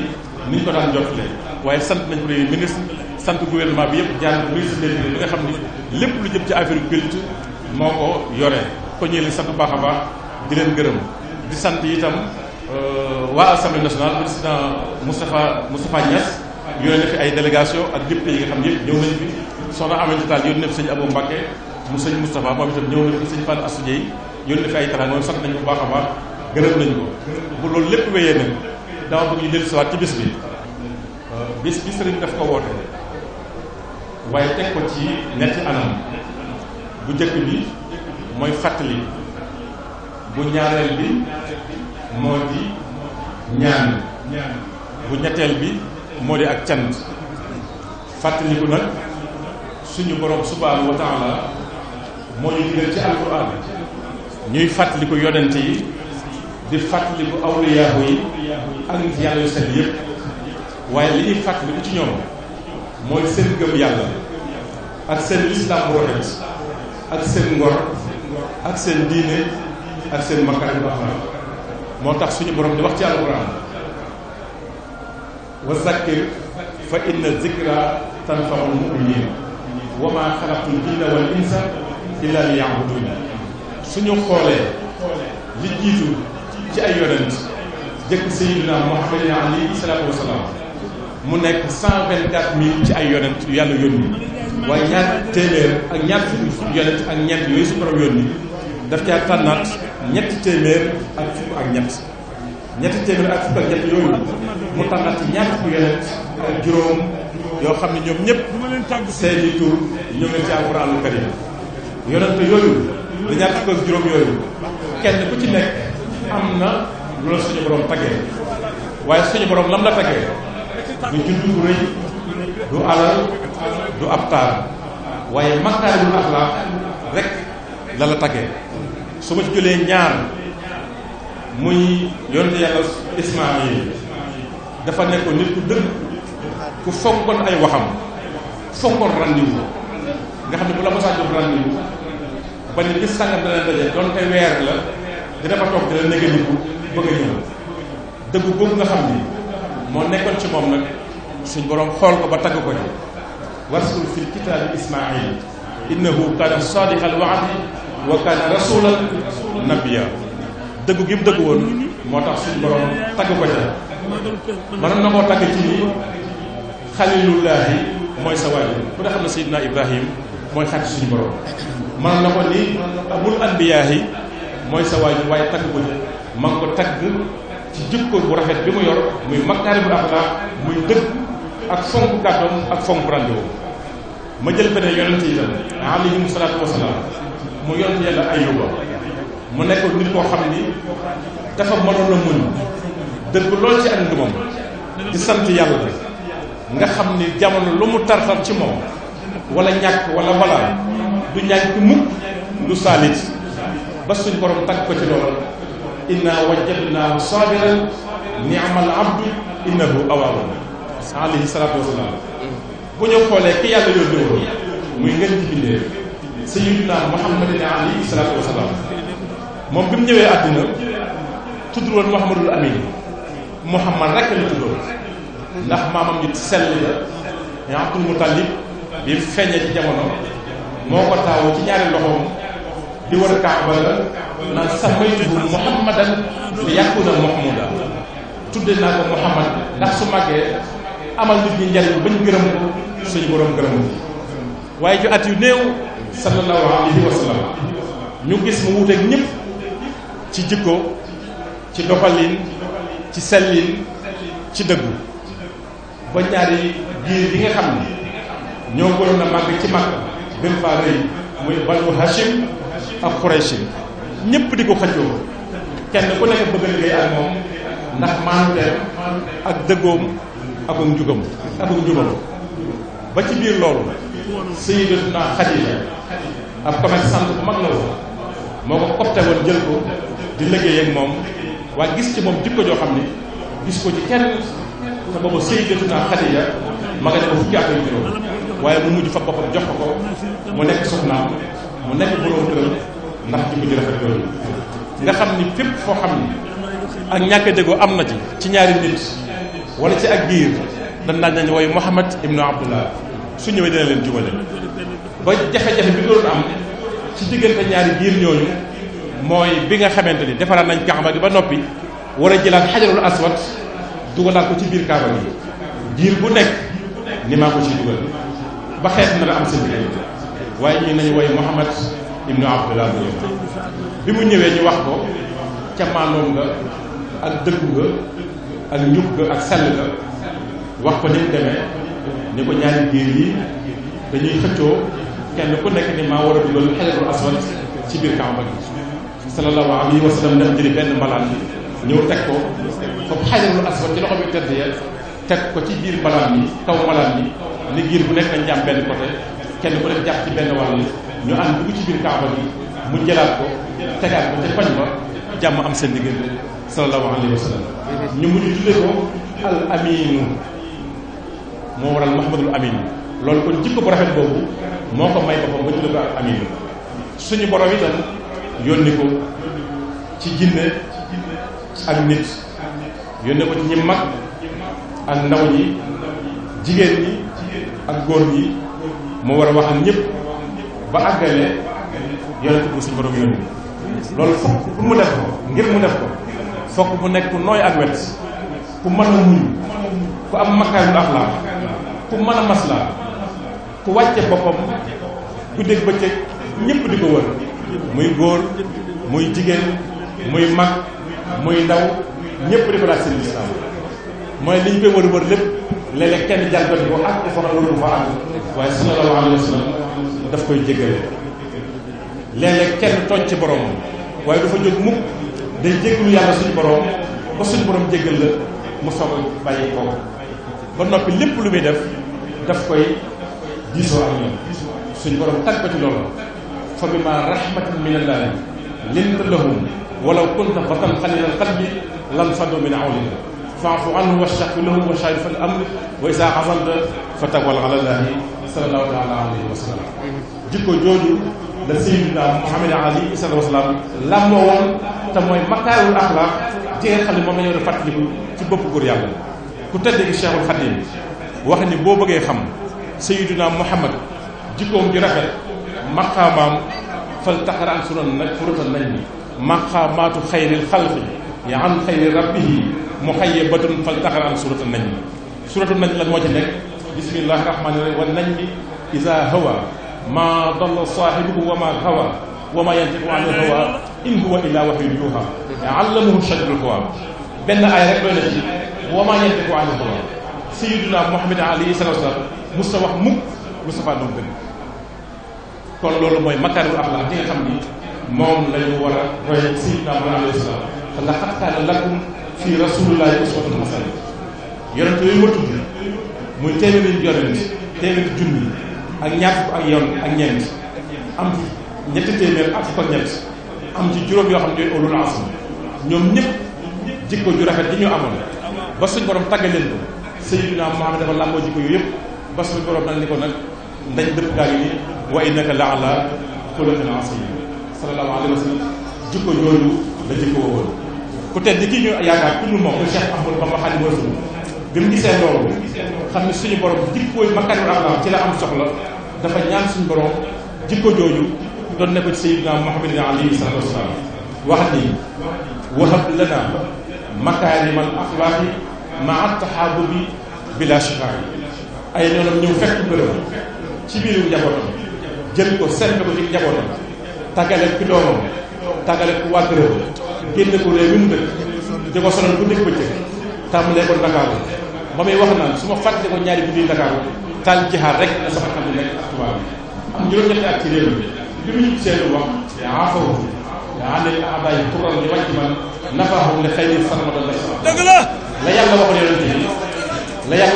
ni ñu ko daan jotalee waaye sant nañ premier ministre sant gouvernement bi yëpp jaar ministre de bi nga xam ni lépp lu jëm ci affaire culture moo ko yore ko ñëwee sant bu baax di leen gërëm di sant itam euh, waa assemblée nationale président Moustapha Moustapha Niass yónnee na fi ay délégation ak député yi nga xam ne yëpp ñëw nañu fi soxna Aminata Tall yónnee na fi sëñ Abou Mbacké mu sëñ Moustapha moom itam ñëw na fi sëñ Fall Assou Dieye yónnee na fi ay taraanga moom sant nañu ko baax a baax gërëm ko bu loolu lépp wéyee nag dama bëgg ñu dellu siwaat ci bis bi euh, bis bi sëriñ daf ko woote waaye teg ko ci ñetti anam bu njëkk bi mooy fàttali ñaareel bi moo di ñaan bu ñetteel bi moo di ak cant fàttaliku nag suñu borom subhaanahu wa taala moo ñu digal ci alquran ñuy fàttaliku yonent yi di fàttaliku awliyaahu yi ak nit yàlla yu sell yépp waaye li ñuy fàttaliku ci ñoom mooy seen gëm yàlla ak seen lislaam ak seen ngor ak seen diine ak seen makkaari bu axlaaq moo tax suñu borom di wax ci alquran wa zakkir fa inna zikra tanfaul muminin wa ma xalaqtul jinna wal insa illa li yabuduna suñu xoolee li jiitu ci ay yonent jëkk sayidina Muhammad alayhi salaatu wasalaam mu nekk 124000 ci ay yonent yu yàlla yónni waaye ñaar téeméer ak ñaar fukki yonent ak ñeent yooyu su borom yónni def caa tànnaat ñetti téeméer ak fukk ak ñett ñetti téeméer ak fukk ak ñett yooyu mu tànnaat ci ñaar fukki yonent ak juróom yoo xam ne ñoom ñëpp seen i tur ñoo ngi ci alxuraanul karim yonent yooyu da ñaar fukk ak juróom yooyu kenn ku ci nekk am na lu la suñu borom taggee waaye suñu borom lam la taggee du juddu bu rëy du alal du ab taar waaye makkaaribul axlaaq rek la la su ma ci jëlee ñaar muy yonent yàlla Ismaayil dafa nekkoon nit ku dëgg ku fonkoon ay waxam fonkoon rendez nga xam ne bu la mosaa jox ba ne bis sàngam dana daje doon weer la dina fa toog dina nege nit bëgg a ñëw dëggu boobu nga xam ni moo nekkoon ci moom nag suñ borom xool ko ba tagg ko ci wasul fil kitaabi Ismaayil innahu kaana saadiqal wa'di wa kaana rasulan nabiya dëggu gi mu dëggu woon moo tax suñu borom tagg ko ca mënoon na koo tagg ci xalilullaahi mooy sa waajur ku ne xam ne seydina ibrahim mooy xarit suñu borom mënoon na ko ni abul anbiyaahi mooy sa waajur waaye tagg ko ma ngi ko tagg ci jikko bu rafet bi mu yor muy makkaari bu axlaa muy dëgg ak fonk kàddoom ak fonk rendez ma jël beneen yonent yi tam alayhim salaatu wasalaam mu yoon yàlla ayuba mu nekk nit koo xam ni dafa mënoon a muñ dëgg lool ci ak ngëmam di sant yàlla nga xam ni jamono lu mu tartar ci moom wala ñàkk wala balaa du ñàkk mukk du saalit ba suñ borom tagg ko ci loolu inna wajadnaahu saabiran ni'mal abdu innahu awaabun alayhi salaatu wasalaam bu ñu xoolee ki yàlla yónni woon muy ngeen ci sayyidina Muhammadin alayhi salaatu wa salaam moom bi mu ñëwee àdduna tudd woon Muhammadul Amin Muhammad rek la tuddoon ndax maamam it sell la Abdul Muttalib bi mu feeñee ci jamono moo ko taawoo ci ñaari loxoom di wër Kaaba la naan sammaytuhu Muhammadan li yakuna mahmuda tudde naa ko Muhammad ndax su màggee amal nit ñi njariñ bañ gërëm ko suñu borom gërëm waaye ju at yu néew. sallallahu alayhi wa sallam ñu gis mu wuuteeg ñëpp ci jikko ci doxalin ci sellin ci dëggu ba ñaari giir yi nga xam ni ñoo gënoon a màgg ci màgg gën faa rëy muy banu hashim ak xurayshim ñëpp di ko xëccoo kenn ku nekk bëgg liggéey ak moom ndax maanteem ak dëggoom akum njugam akum njugam ba ci biir loolu sayyidatuna Xadija ab commerçante bu mag la woon moo ko opté jël ko di liggéey ak moom waaye gis ci moom jikko joo xam ni gis ko ci kenn te booba sayyidatuna Xadija ma nga dem fukki at yu juróom waaye mu mujj fa boppam jox ko mu nekk soxnaam mu nekk borom këram ndax jikko ji rafet yooyu nga xam ni fépp foo xam ni ak ñàkk déggoo am na ci ci ñaari nit wala ci ak giir dañ naan nañu woy Muhammad ibnu Abdullah su ñëwee dina leen jubale ba jafe-jafe bi doon am ci diggante ñaari biir ñooñu mooy bi nga xamante ni defaraat nañ kaaba gi ba noppi war a jëlaat xajarul aswad dugalaat ko ci biir kaaba gi diir bu nekk ni maa ko ci dugal ba xeet na am seen diggante nañu woy Muhammad ibnu bi mu ñëwee ñu wax ko ca maandoom nga ak dëggu nga ak njub nga ak sell nga wax ko ni mu demee ni ko ñaari géej yi dañuy xëccoo kenn ku nekk ni maa war a dugal xajarul aswad ci biir kàmba gi sallallahu alayhi wa sallam daf jëli benn mbalaan bi ñëw teg ko foofu xajarul aswad ci loxo bi tedd ya teg ko ci biir mbalaan bi kaw mbalaan bi ni giir bu nekk nañ jàmm benn côté kenn ku nekk jàpp ci benn wàll ñu ànd dugg ci biir kàmba gi mu jëlaat ko tegaat ko ca pañ ba jàmm am seen diggante sallallahu alayhi wa sallam ñu mujj ko al aminu moo waral Mouhamadul Amin loolu kon jikko bu rafet boobu moo ko may boppam ba tudd ko ak Amin suñu borom itam yónni ko ci jinne ak nit yónni ko ci ñi mag ak ndaw ñi jigéen ñi ak góor ñi moo war a waxal ñëpp ba àggale yonent bu suñu borom yónni loolu fokk pour mu def ko ngir mu def ko fokk bu nekk ku nooy ak wet ku mën a muñ ku am makkaay bu axlaaq ku mën a maslaa ku wàcce boppam guddeeg bëccëg ñëpp di ko wër muy góor muy jigéen muy mag muy ndaw ñëpp di ko laaj seen lislaam mooy li ñu wër wër lépp léeg-léeg kenn jalgati ko ak dafa war a fa àgg waaye sallallahu alayhi wa sallam daf koy jéggale léeg-léeg kenn tooñ ci boromam waaye dafa jóg mukk day jéggalu yàlla suñu borom ba suñu borom jéggal la mu soog bàyyi ko ba noppi lépp lu muy def daf koy diisoo ak ñoom suñ borom tag ko ci loolu fa bi ma rahmatin min allahi linta lahum walaw kunta fatan xalilal qalbi lan faddu min awlika faafu anhu wastaqi lahum wa shawirhum fil amri wa izaa azamta fatawakkal ala allahi sallallahu taala alayhi wa sallam jikko jooju la sayyidina Muhammad ali sallallahu alayhi wa sallam làmboo woon te mooy makaarul axlaaq ji nga xam ne moom la ñu war a fàttaliku ci bopp góor yàlla ku tedd gi Cheikhul Xadim wax ni boo bëggee xam sayiduna muhammad jikkoom ju rafet maqaamaam fal taxaraan su doon nag furutal nañ ni maqaamaatu xayril xalqi ya an xayri rabbihi mu xayyee batun fal taxaraan surata nañ mi suratu nañ lan moo nekk bismillahi rahmaani wa nañ mi isa hawa ma dalla saahibuhu wa ma hawa wa ma yantiqu an il hawa in huwa illa wahyun yuha allamahu shadidul quwa benn aay rek doy na ci wa ma yantiqu an il hawa sayyiduna Muhammad alayhi salaatu wa salaam mus sa wax mukk lu safaanoog dëgg kon loolu mooy makaarimul axlaaq di nga xam ni moom la ñu war a royee sayyiduna Muhammad alayhi salaam te laqad kaana lakum fii rasuulillaahi uswatun hasanah yonent yooyu ma tudd muy téeméeri yonent téeméeri junni ak ñaar fukk ak yoon ak ñeent am ñetti téeméer ak fukk ak ñett am ci juróom yoo xam ne ulul azm ñoom ñëpp jikko ju rafet di ñu amoon ba suñ borom tàggal leen ko sayyidina Muhammad dafa làmboo jikko yooyu yëpp ba suñu borom nag ni ko nag ndañ dëpp gaa ngi nii wa innaka la ala xuluqin azim sallallahu alayhi wa sallam jikko yooyu la jikko suñu borom jikkooy makaarimul axlaaq ci la am soxla dafa ñaan suñu borom jikko jooju doon ne ko maa taxaabu bi bila shifaa yi ay noonam ñëw fekk bërëb ci biiru njabootam jël ko seet ko ci njabootam tàggale ki doomam tàggale ku waa këram génn ko réew mi mu dëkk di ko sonal bu nekk bëccëg tàmbalee ko Dakar ba muy wax naan su ma fàtte ko taal jixaar rek la sama xam ne nekk ak tubaab am juróom-ñetti at ci réew mi li mu ñu seetlu wax yaa fawu yaa ne abaay tural li wàcc man nafaaxu ne xëy na sarma dëgg la la yàlla waxoon yonent bi la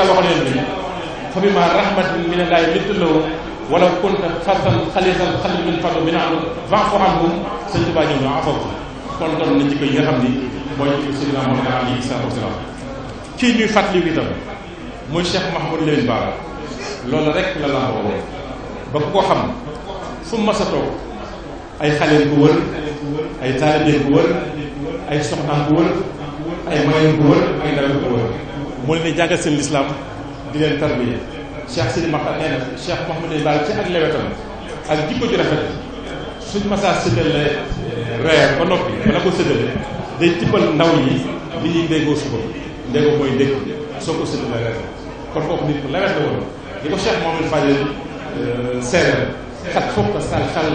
fa bi ma rahmatin min allaahi linta lahum walaw kunta fartan xaliisal qalbi min faddu bi na afaw kon doon na jikko yi nga xam ni mooy Seydina Muhammad alayhi salaatu wa salaam kii ñuy fàttaliwu itam muy rek la la waxoon ba ku ko xam fu mu a toog ay xaleen ko wër ay taalibeen ko wër ay soxnaan ko ay moyens ko wër ay ndaw yu mu leen di jàngal seen lislaam di leen tarbiye Cheikh Sidi Makhtar nee na Cheikh Mouhamadou ci ak lewetam ak jikko ju rafet suñ masaa séddale eh, reer ba noppi bala ko séddale day tibbal ndaw yi li mooy dégg soo ko séddale reer kon kooku nit ku la woon li ko Cheikh Mouhamadou Fadil eh, seeral xat fokk sal xal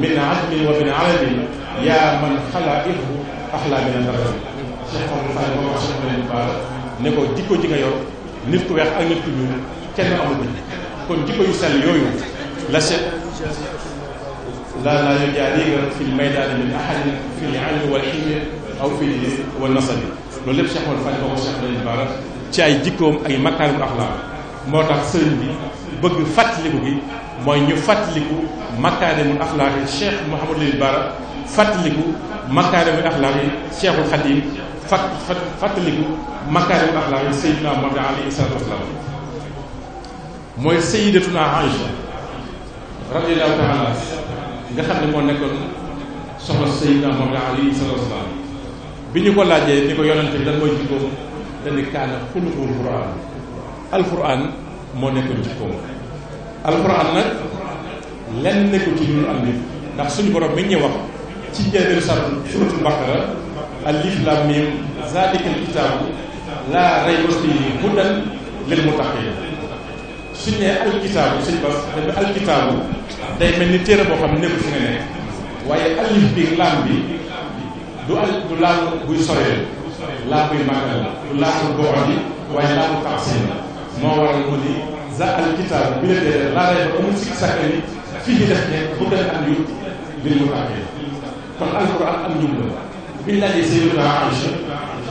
min admi wa min alami yaa man xalaa ihu axlaa min a Cheikh Amadou Fall moo wax Cheikh Malick Bara ne ko jikko ji nga yor nit ku weex ak nit ku ñuul kenn amu ko kon jikko yu sell yooyu la Cheikh la la yu jaariga fil maydaan min ahadin fil ilmi wal hilmi aw fil dini wal nasabi loolu lépp Cheikh Amadou Fall moo ko Cheikh Malick Bara ci ay jikkoom ay makaarimul axlaaq moo tax sëriñ bi bëgg fàttaliku gi mooy ñu fàttaliku makaarimul axlaaq yi Cheikh Mouhamadou Lamine Bara fàttaliku makaarimul axlaaq yi Cheikhul Xadim fat fat fàttaliku makaarim axlaaq sayyidina Muhammad alayhi salaatu wasalaam mooy sayyidatuna nga xam ne moo nekkoon soxna sayyidina Muhammad alayhi salaatu wasalaam bi ñu ko laajee ni ko yonante bi lan mooy jikkoom dañu kaana xuluqul quraan alquran moo nekkoon jikkoom alquran nag lenn nekkul ci ñun am nit ndax suñu borom mi ñu wax ci njëriñu sar suratul baqara alif lam mim zalikal kitaabu laa rayba fiihi hudan lil muttaqiin suñ nee alkitaabu suñ bas dafa alkitaabu day mel ni téere boo xam ne fi nga nekk waaye alif bi laam bi du al du laam buy soreel laam buy màggal du laamul boxon yi waaye laamul taqsim moo waral mu ni za alkitaabu bi la dee laa rayba amul sikk sàkka ni fii def ne hudan am yu lil muttaqiin kon alquran am njub la biñ laajee Sayyidina Aïcha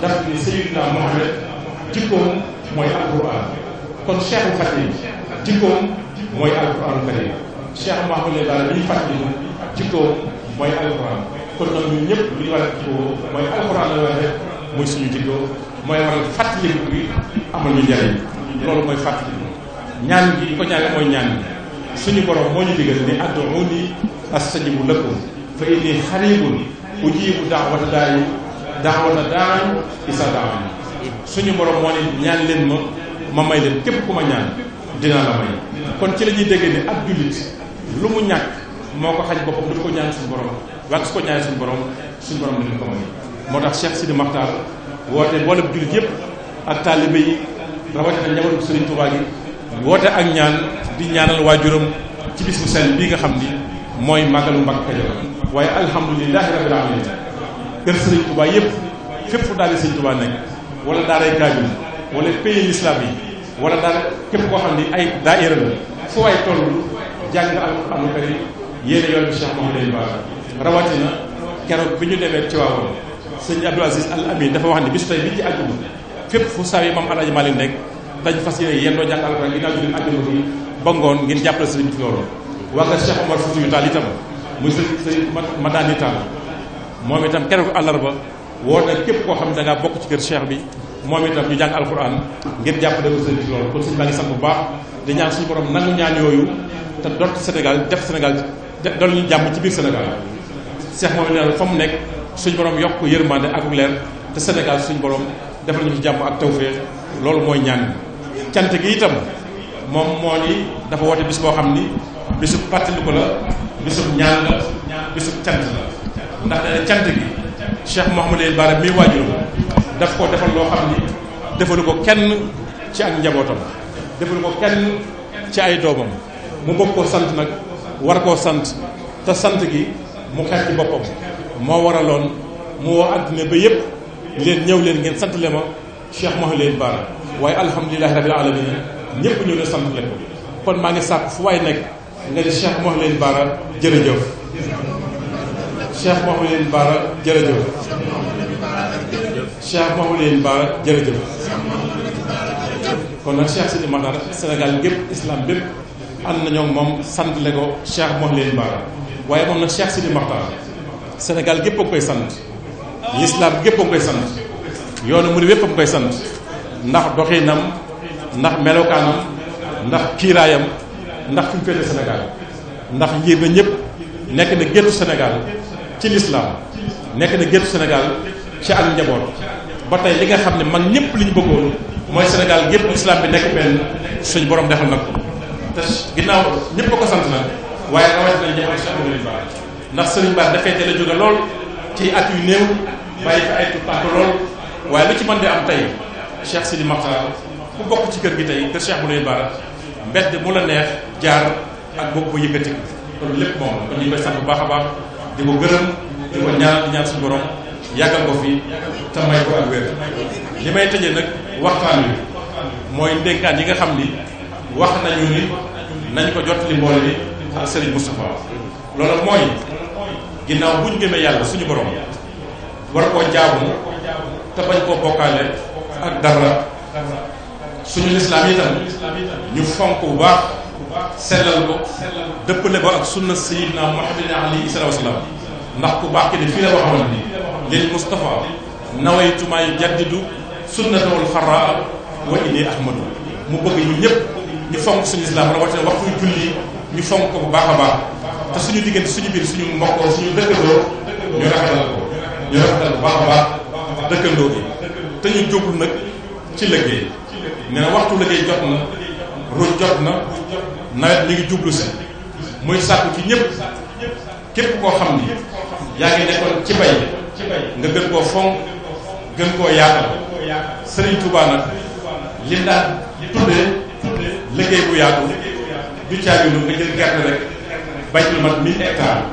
daf ne Sayyidina Muhammad jikkoom mooy alquran kon Cheikhul Khadim jikkoom mooy jikkoom mooy alquran kon nag ñun ñëpp li ñu war a jikkoo mooy alquran la waxee mooy suñu jikkoo mooy waral fàttaliku bi amal ñu njariñ loolu mooy fàttaliku ñaan gi ko ñaane mooy ñaan gi suñu borom moo ñu digal ne adduuni astajibu lakum fa inni xaribun ujibu daawata daayu daawata daayu isa daaw suñu borom moo ne ñaan leen ma ma may leen képp ku ma ñaan dinaa la may kon ci la ñuy déggee ne jullit lu mu ñàkk moo ko xaj boppam du ko ñaan suñu borom waaye su ko ñaan suñu borom suñu borom dina ko may moo tax Cheikh Sidi Maxtaar woote mboolem jullit yëpp ak taalibe yi rawatina njabootu Sëriñ Tuubaa gi woote ak ñaan di ñaanal waa waajuram ci bis bu bii nga xam ni mooy màggalu Mbàkke Kajoor waaye alhamdulilahi rabbil alamin kër sëriñ Tuubaa yëpp fépp fu daal di sëriñ Tuubaa nekk wala daaray kaamil wala pays l'islam yi wala daal képp koo xam ne ay daayira la fu waay toll jàng nga alxuraan kari yéene yoon bi Cheikh Mouhamadou Bara rawatina keroog bi ñu demee ci waawoon sëñ Abdou Aziz Al Amin dafa wax ne bisu tey bi ci àjjuma fépp fu saa yi maam Alaaji Maalik nekk dañ fas yéene yéen doo jàng alxuraan ginnaaw julli àjjuma bi ba ngoon ngeen jàppale sëriñ fi waa nga Cheikh Omar Foutiyou Tall itam muy ma sëriñ Madani Tall moom itam keroog àllarba woo na képp koo xam ne da bokk ci kër cheikh bi moom itam ñu jàng alquran ngir jàpp dako sëriñ ci loolu kon suñu bu baax di ñaan suñu borom nangu ñaan yooyu te dot Sénégal def Sénégal doon ñu jàmm ci biir Sénégal cheikh moom itam fa mu nekk suñ borom yokk yërmande ak leer te Sénégal suñu borom defal ñu ci jàmm ak tawféex loolu mooy ñaan cant gi itam moom moo ni dafa woote bis boo xam ni bisu ko la bisub ñaan na bisub cant la ndax dana eh, cant gi Cheikh Mouhamadou Bara mi waajur daf ko defal loo xam ni defalu ko kenn ci ak njabootam defalu ko kenn ci ay doomam mu bëgg koo sant nag war koo sant te sant gi mu xeet ci boppam moo waraloon mu woo àddina bi yépp leen ñëw leen ngeen sant le ma Cheikh Mouhamadou leen Bara waaye alhamdulilahi rabbil alamin ñëpp ñëw leen sant ko kon maa ngi sàkk fu waay nekk nga di Cheikh Mouhamadou Bara jërëjëf Cheikh Mouhamadou Bara jërëjëf Cheikh Mouhamadou Bara jërëjëf kon nag Cheikh Sidi Matar Sénégal gépp islam bépp ànd nañoo moom sant le ko Cheikh Mouhamadou Bara waaye moom nag Cheikh Sidi Matar Sénégal gépp koy sant l'islam gépp a koy sant yoonu murid wépp a koy sant ndax doxinam ndax melokaanam ndax kiiraayam ndax fi mu féete ndax ngir na ñëpp nekk na géttu Sénégal ci lislaam nekk na géttu Sénégal ci ak njaboot ba tey li nga xam ne man ñëpp li ñu bëggoon mooy Sénégal gépp lislaam bi nekk benn suñu borom defal na ko te ginnaaw ñëpp ko sant nag waaye rawatina ñu am Cheikh ndax Serigne Bara dafay teel a jóge lool ci at yu néew bàyyi fi ay tànk lool waaye lu ci mën di am tey Cheikh Sidi Makhtar ku bokk ci kër gi tey kër Cheikh Mouhamadou Bara mbedd mu la neex jaar ak bopp ba yëkkati kon lépp moom la kon ñu koy sant bu baax a baax di ko gërëm di ko ñaan di ñaan suñu borom yàggal ko fi te may ko ak wér li may tëjee nag waxtaan wi mooy ndénkaan yi nga xam ni wax nañu ni nañ ko jot li mboole bi ak Serigne Moustapha loolu mooy ginnaaw buñ gëmee yàlla suñu borom war koo jaamu te bañ koo bokkaale ak dara suñu lislaam ñu fonk bu baax sellal ko dëppale ko ak sunna sayidna muhammadin alayhi salaatu ndax ku baax ki de fii la waxoon ni lil mustafa nawaytu maa yujaddidu sunnatawul xaraa wa inni ahmadu mu bëgg ñu ñëpp ñu fonk suñu islam rawatina waxtu julli ñu fonk ko bu baax a baax te suñu diggante suñu biir suñu mbokkoo suñu dëkkandoo ñu rafetal ko ñu rafetal bu baax a baax dëkkandoo bi te ñu jublu nag ci liggéey nee na waxtu liggéey jot na ruuj jot na nawet mi ngi jublu si muy sàkku ci ñëpp képp koo xam ni yaa ngi nekkoon ci bay nga gën koo fonk gën koo yaatal Serigne Touba li daan tuddee liggéey bu yaatu du caabi lu nga jël gerte rek bay lu mat 1000 hectares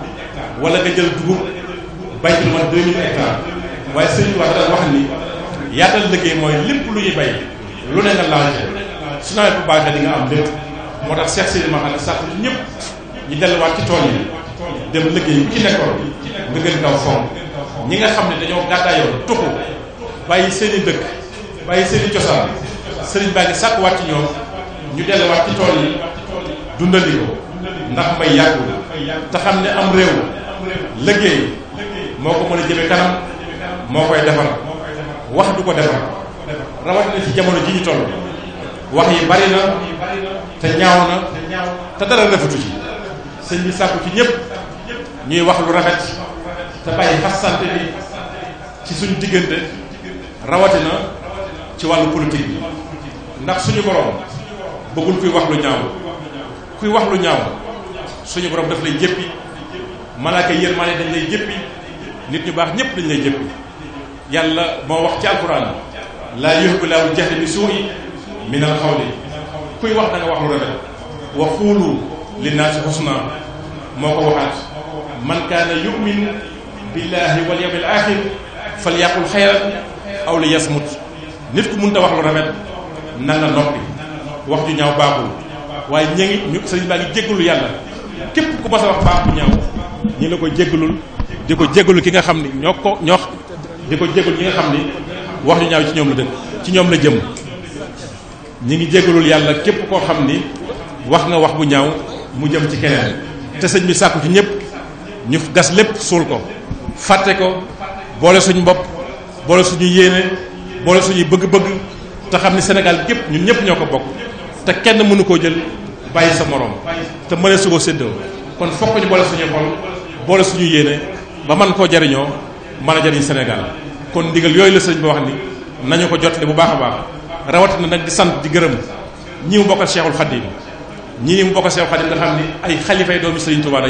wala nga jël dugub bay lu mat 2000 hectares waaye Serigne Touba daan wax ni yaatal liggéey mooy lépp lu ñuy bay lu ne nga laajte su nawet bu baaxee di nga am lépp. moo tax Cheikh Sidi Mahane sax ñëpp ñu delluwaat ci tool yi dem liggéey bu ci nekkoon nga gën kaw fonk ñi nga xam ne dañoo gàddaayoo tuxu bàyyi seen i dëkk bàyyi seen i cosaan sëriñ baa ngi sàkkuwaat ci ñoom ñu delluwaat ci tool yi dundali ko ndax mbay yàggul te xam ne am réew liggéey moo ko mën a jëme kanam moo koy defar wax du ko defar rawatina ci jamono ji ñu toll wax yi bari na te ñaaw na te dara rafetu ci sëñ bi sàkku ci ñépp ñuy wax lu rafet te bàyyi xasante bi ci suñu diggante rawatina ci wàllu politique bi ndax suñu borom bëggul kuy wax lu ñaaw kuy wax lu ñaaw suñu borom daf lay jéppi malaaka yërmaane dañ lay jéppi nit ñu baax ñépp dañ lay jéppi yàlla moo wax ci alquran laa yuhibbu llaahu bi suu'i minal xawli kuy wax da wax lu rafet wa quulu linnaasi xusnaa moo ko waxaat man kaana yuminu billaahi wal yawmil aaxir fal yaqul xayran aw li yasmut nit ku mënta wax lu rafet na nga noppi wax ju ñaaw baaxul waaye ñi ngi ñu sëriñ baa ngi jéggalu yàlla képp ku mas a wax baax bu ñaaw ñi la ko jéggalul di ko jéggalu ki nga xam ni ñoo ko ñoo di ko jéggalu ñi nga xam ni wax ju ñaaw ci ñoom la dëkk ci ñoom la jëm ñi ngi jégalul yàlla képp koo xam ni wax nga wax bu ñaaw mu jëm ci keneen te sëñ bi sàkku ci ñëpp ñu gas lépp suul ko fàtte ko boole suñu bopp boole suñu yéene boole suñuy bëgg-bëgg te xam ni Sénégal képp ñun ñëpp ñoo ko bokk te kenn mënu koo jël bàyyi sa morom te mënee su ko séddoo kon fokk ñu boole suñu xol boole suñu yéene ba man koo jariñoo mën a jariñ Sénégal kon ndigal yooyu la sëñ bi wax ni nañu ko jottali bu baax a baax rawatina nag di sant di gërëm ñi mu bokkal Cheikhul Khadim ñi mu bokkal Cheikhul Khadim nga xam ni ay xalifay doomi Serigne Touba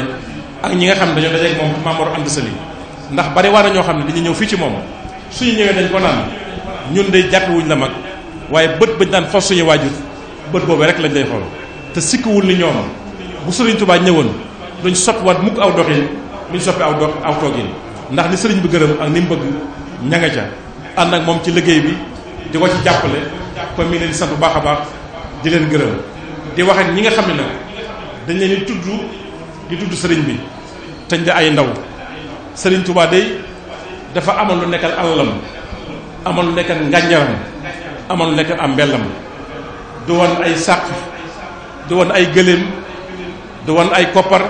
ak ñi nga xam ne dañoo dajeeg moom Mamour Anta Sali ndax bari waa na ñoo xam ne dañu ñëw fii ci moom suñu ñëwee dañ ko naan ñun day jàppewuñ la mag waaye bët bañ daan xos suñu waajur bët boobu rek lañ lay xool te sikkiwul ni ñoom bu Serigne Touba ñëwoon duñ soppiwaat mukk aw doxin duñ soppi aw dox aw toogin ndax ni sëriñ bi gërëm ak ni mu bëgg ña nga ca ànd ak moom ci liggéey bi di ko ci jàppale kon mi leen di sant bu baax a baax di leen gërëm di wax ñi nga xam ne nag dañ leen di tudd di tudd sëriñ bi te ñu ay ndaw sëriñ tubaa day dafa amoon lu nekkal alalam amoon lu nekkal ngàññaram amoon nekkal am mbellam du woon ay sàq du woon ay gëléem du woon ay koppar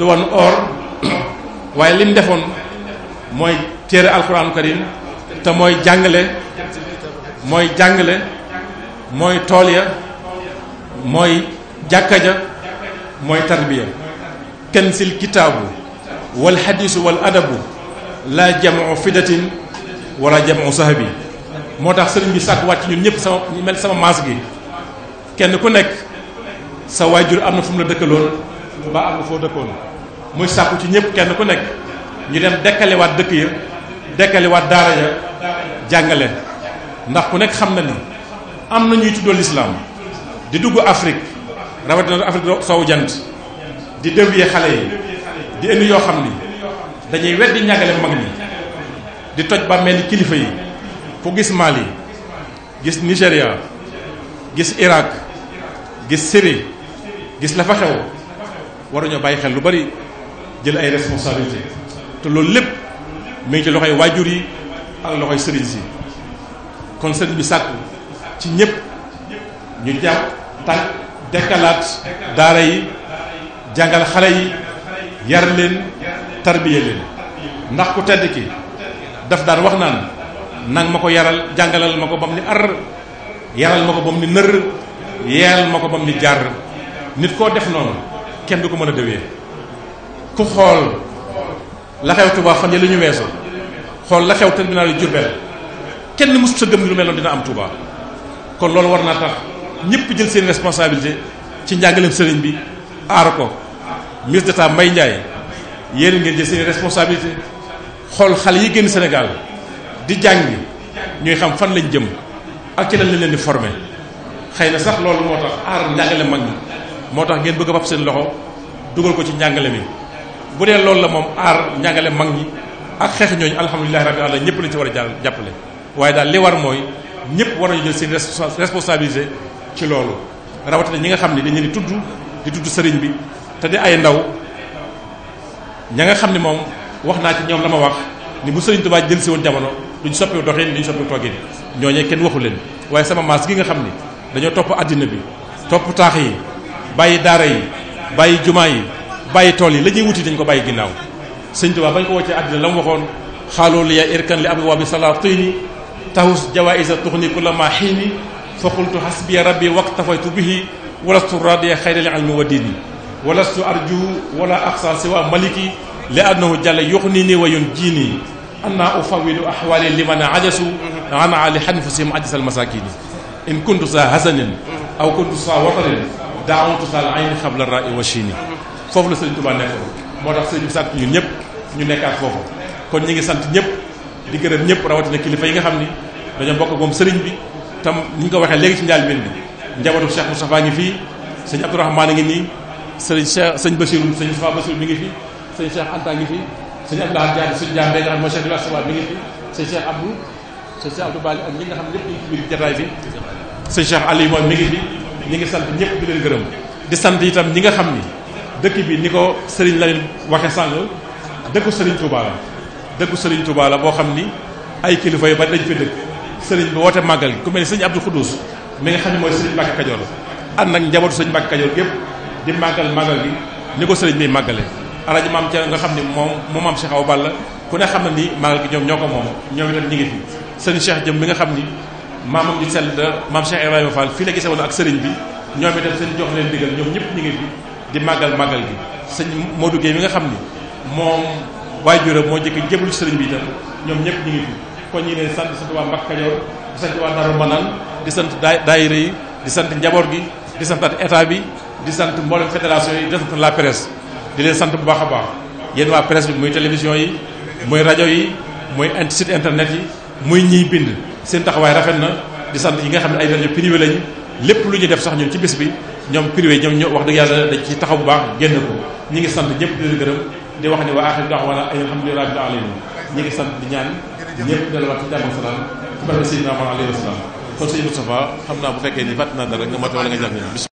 du woon or waaye li mu defoon mooy téere alxuraanu karim te mooy jàngale mooy jàngale mooy tool ya mooy jàkka ja mooy tarbiya kansil kitaabu wal xadiisu wal adabu laa jamoo fidatin wala jamoo sahabi moo tax sëriñ bi sàkk wàcc ñun ñëpp sama ñu mel sama maas gi kenn ku nekk sa waajur am na fu la dëkkaloon ba am na foo dëkkoon muy sàkku ci ñëpp kenn ku nekk ñu dem dekkalewaat dëkk ya dekkalewaat daara ya jàngale ndax ku nekk xam na ni am na ñuy tuddoo lislaam di dugg Afrique rawatina Afrique sowu jant di dévier xale yi di indi yoo xam ni dañuy weddi ñàggale mag ñi di toj bàmmeeli kilifa yi ku gis Mali gis niseria gis iraak gis Syrie gis la fa xew waruñoo bàyyi xel lu bari jël ay responsabilité te loolu lépp mu ngi ci loxoy waajur yi ak loxoy sëriñ si kon sëñ bi sàkku ci ñépp ñu jàpp tànk dekkalaat daara yi jàngal xale yi yar leen tarbiye leen ndax ku tedd ki daf daan wax naan nang ma ko yaral jàngalal ma ko bam mu ni ar yaral ma ko bam ni nër ma ko ba mu ni nit koo def noonu kenn du ko mën a dëwee ku xool la xew Tuubaa fan yi lu ñu weesu xool la xew terminal yu kenn mësu sa gëm lu mel dina am Touba kon loolu war naa tax ñëpp jël seen responsabilité ci njàngaleem sëriñ bi aar ko ministre d'état Mbaye Ndiaye yéen ngeen jël seen responsabilité xool xale yi génn Sénégal di jàng ñuy xam fan lañ jëm ak ci lan lañ leen di forme xëy na sax loolu moo tax aar njàngale mag ñi moo tax ngeen bëgg a seen loxo dugal ko ci njàngale mi bu dee loolu la moom aar njàngale mag ñi ak xeex ñooñu alhamdulilahi rabbil alamin ñëpp lañ ci war a jàll jàppale waaye daal li war mooy ñëpp war nañu jël seen responsabilité ci loolu rawatina ñi nga xam ne dañu leen di tudd di tudd sëriñ bi te di ay ndaw ña nga xam ni moom wax naa ci ñoom la ma wax ni bu sëriñ Tuubaa jël si woon jamono duñ soppiwu doxin duñ soppiwu toggin ñooñee kenn waxu leen waaye sama maas gi nga xam ni dañoo topp àddina bi topp taax yi bàyyi daara yi bàyyi jumaa yi bàyyi tool yi la ñuy wuti dañ ko bàyyi ginnaaw sëriñ Tuubaa bañ koo woccee àddina la mu waxoon xaaloo li tahus jawaïsa tuxni kulla ma xiini fa qultu hasbiya rabbi waktafaytu bihi walastu radiya xayral ilmi wa diini walastu arjuhu wala axsa siwa maliki li annahu jalla yuxnini wa yunjini anna ufawilu ahwali liman ajasu an ali hanfusihim ajsal masakini in kuntu sa hasanin aw kuntu sa watanin daawatu sal ayni xabla ra'i wa chini foofu la sëriñ moo tax sëriñ bi sant ñun ñëpp ñu nekkaat foofu kon ñu ngi sant ñëpp di gërëm ñëpp rawatina kilifa yi nga xam ni dañoo bokk moom sëriñ bi tam ni ñu ko waxee léegi ci njaal mbir mi njabootu Cheikh Moustapha fii sëñ Abdourahmane a ngi nii sëriñ Cheikh sëñ Bassirou sëñ Moustapha Bassirou mi ngi fi sëñ Cheikh Anta ngi fi sëñ Abdoulaye Diagne suñu jaam nga xam mooy Cheikh Dibass mi ngi fi sëñ Cheikh Abdou ak ñi nga xam ñëpp ñu bi sëñ Cheikh Aliou moom mi ngi fi ñi ngi sant ñëpp di gërëm di sant itam ñi nga xam ni dëkk bi ni ko sëriñ la leen waxe sàng dëkku sëriñ Touba la dëkku sëriñ Touba la boo xam ni ay kilifa yu bari dañ fi dëkk sëriñ bi woote màggal gi ku mel ni sëriñ Abdou Khoudous mi nga xam ne mooy sëriñ Mbacke Kajoor ànd ak njabootu sëriñ Mbacke Kajoor di màggal màggal gi ni ko sëriñ bi màggale alaji maam Thierno nga xam ne moom moom maam si xaw Balla ku ne xam ne ni màggal gi ñoom ñoo ko moom ñoom itam ñi ngi fi sëriñ Cheikh Jëm mi nga xam ni maamam ji sell da maam Cheikh Ibrahima Fall fii la gisewoon ak sëriñ bi ñoom itam seen jox leen digal ñoom ñëpp ñi ngi fi di màggal màggal gi sëñ moo duggee mi nga xam ni moom waajuram moo jëkk jébul sëriñ bi itam ñoom ñëpp ñu ngi fi kon ñu ne sant sant waa Mbàkke Kajoor di sant waa Daaru Manaan di sant daayira yi di sant njaboot gi di sant état bi di sant mboolem fédération yi di sant la presse di leen sant bu baax a baax yéen waa presse bi muy télévision yi muy rajo yi muy site internet yi muy ñiy bind seen taxawaay rafet na di sant yi nga xam ne ay rajo privé lañu lépp lu ñu def sax ñun ci bés bi ñoom privé ñoom ñoo wax dëgg yàlla dañ ci taxaw bu baax génn ko ñi ngi sant ñëpp di gërëm di wax ne wa axir da'waana ay alhamdulillahi rabbil alamin ñu ngi sant di ñaan ñëpp delluwaat ci jàmm salaam ci barke Seydina Muhammad alayhi wa salaam kon sëñ Moustapha xam naa bu fekkee ni fàtt naa dara nga mate wala nga jàpp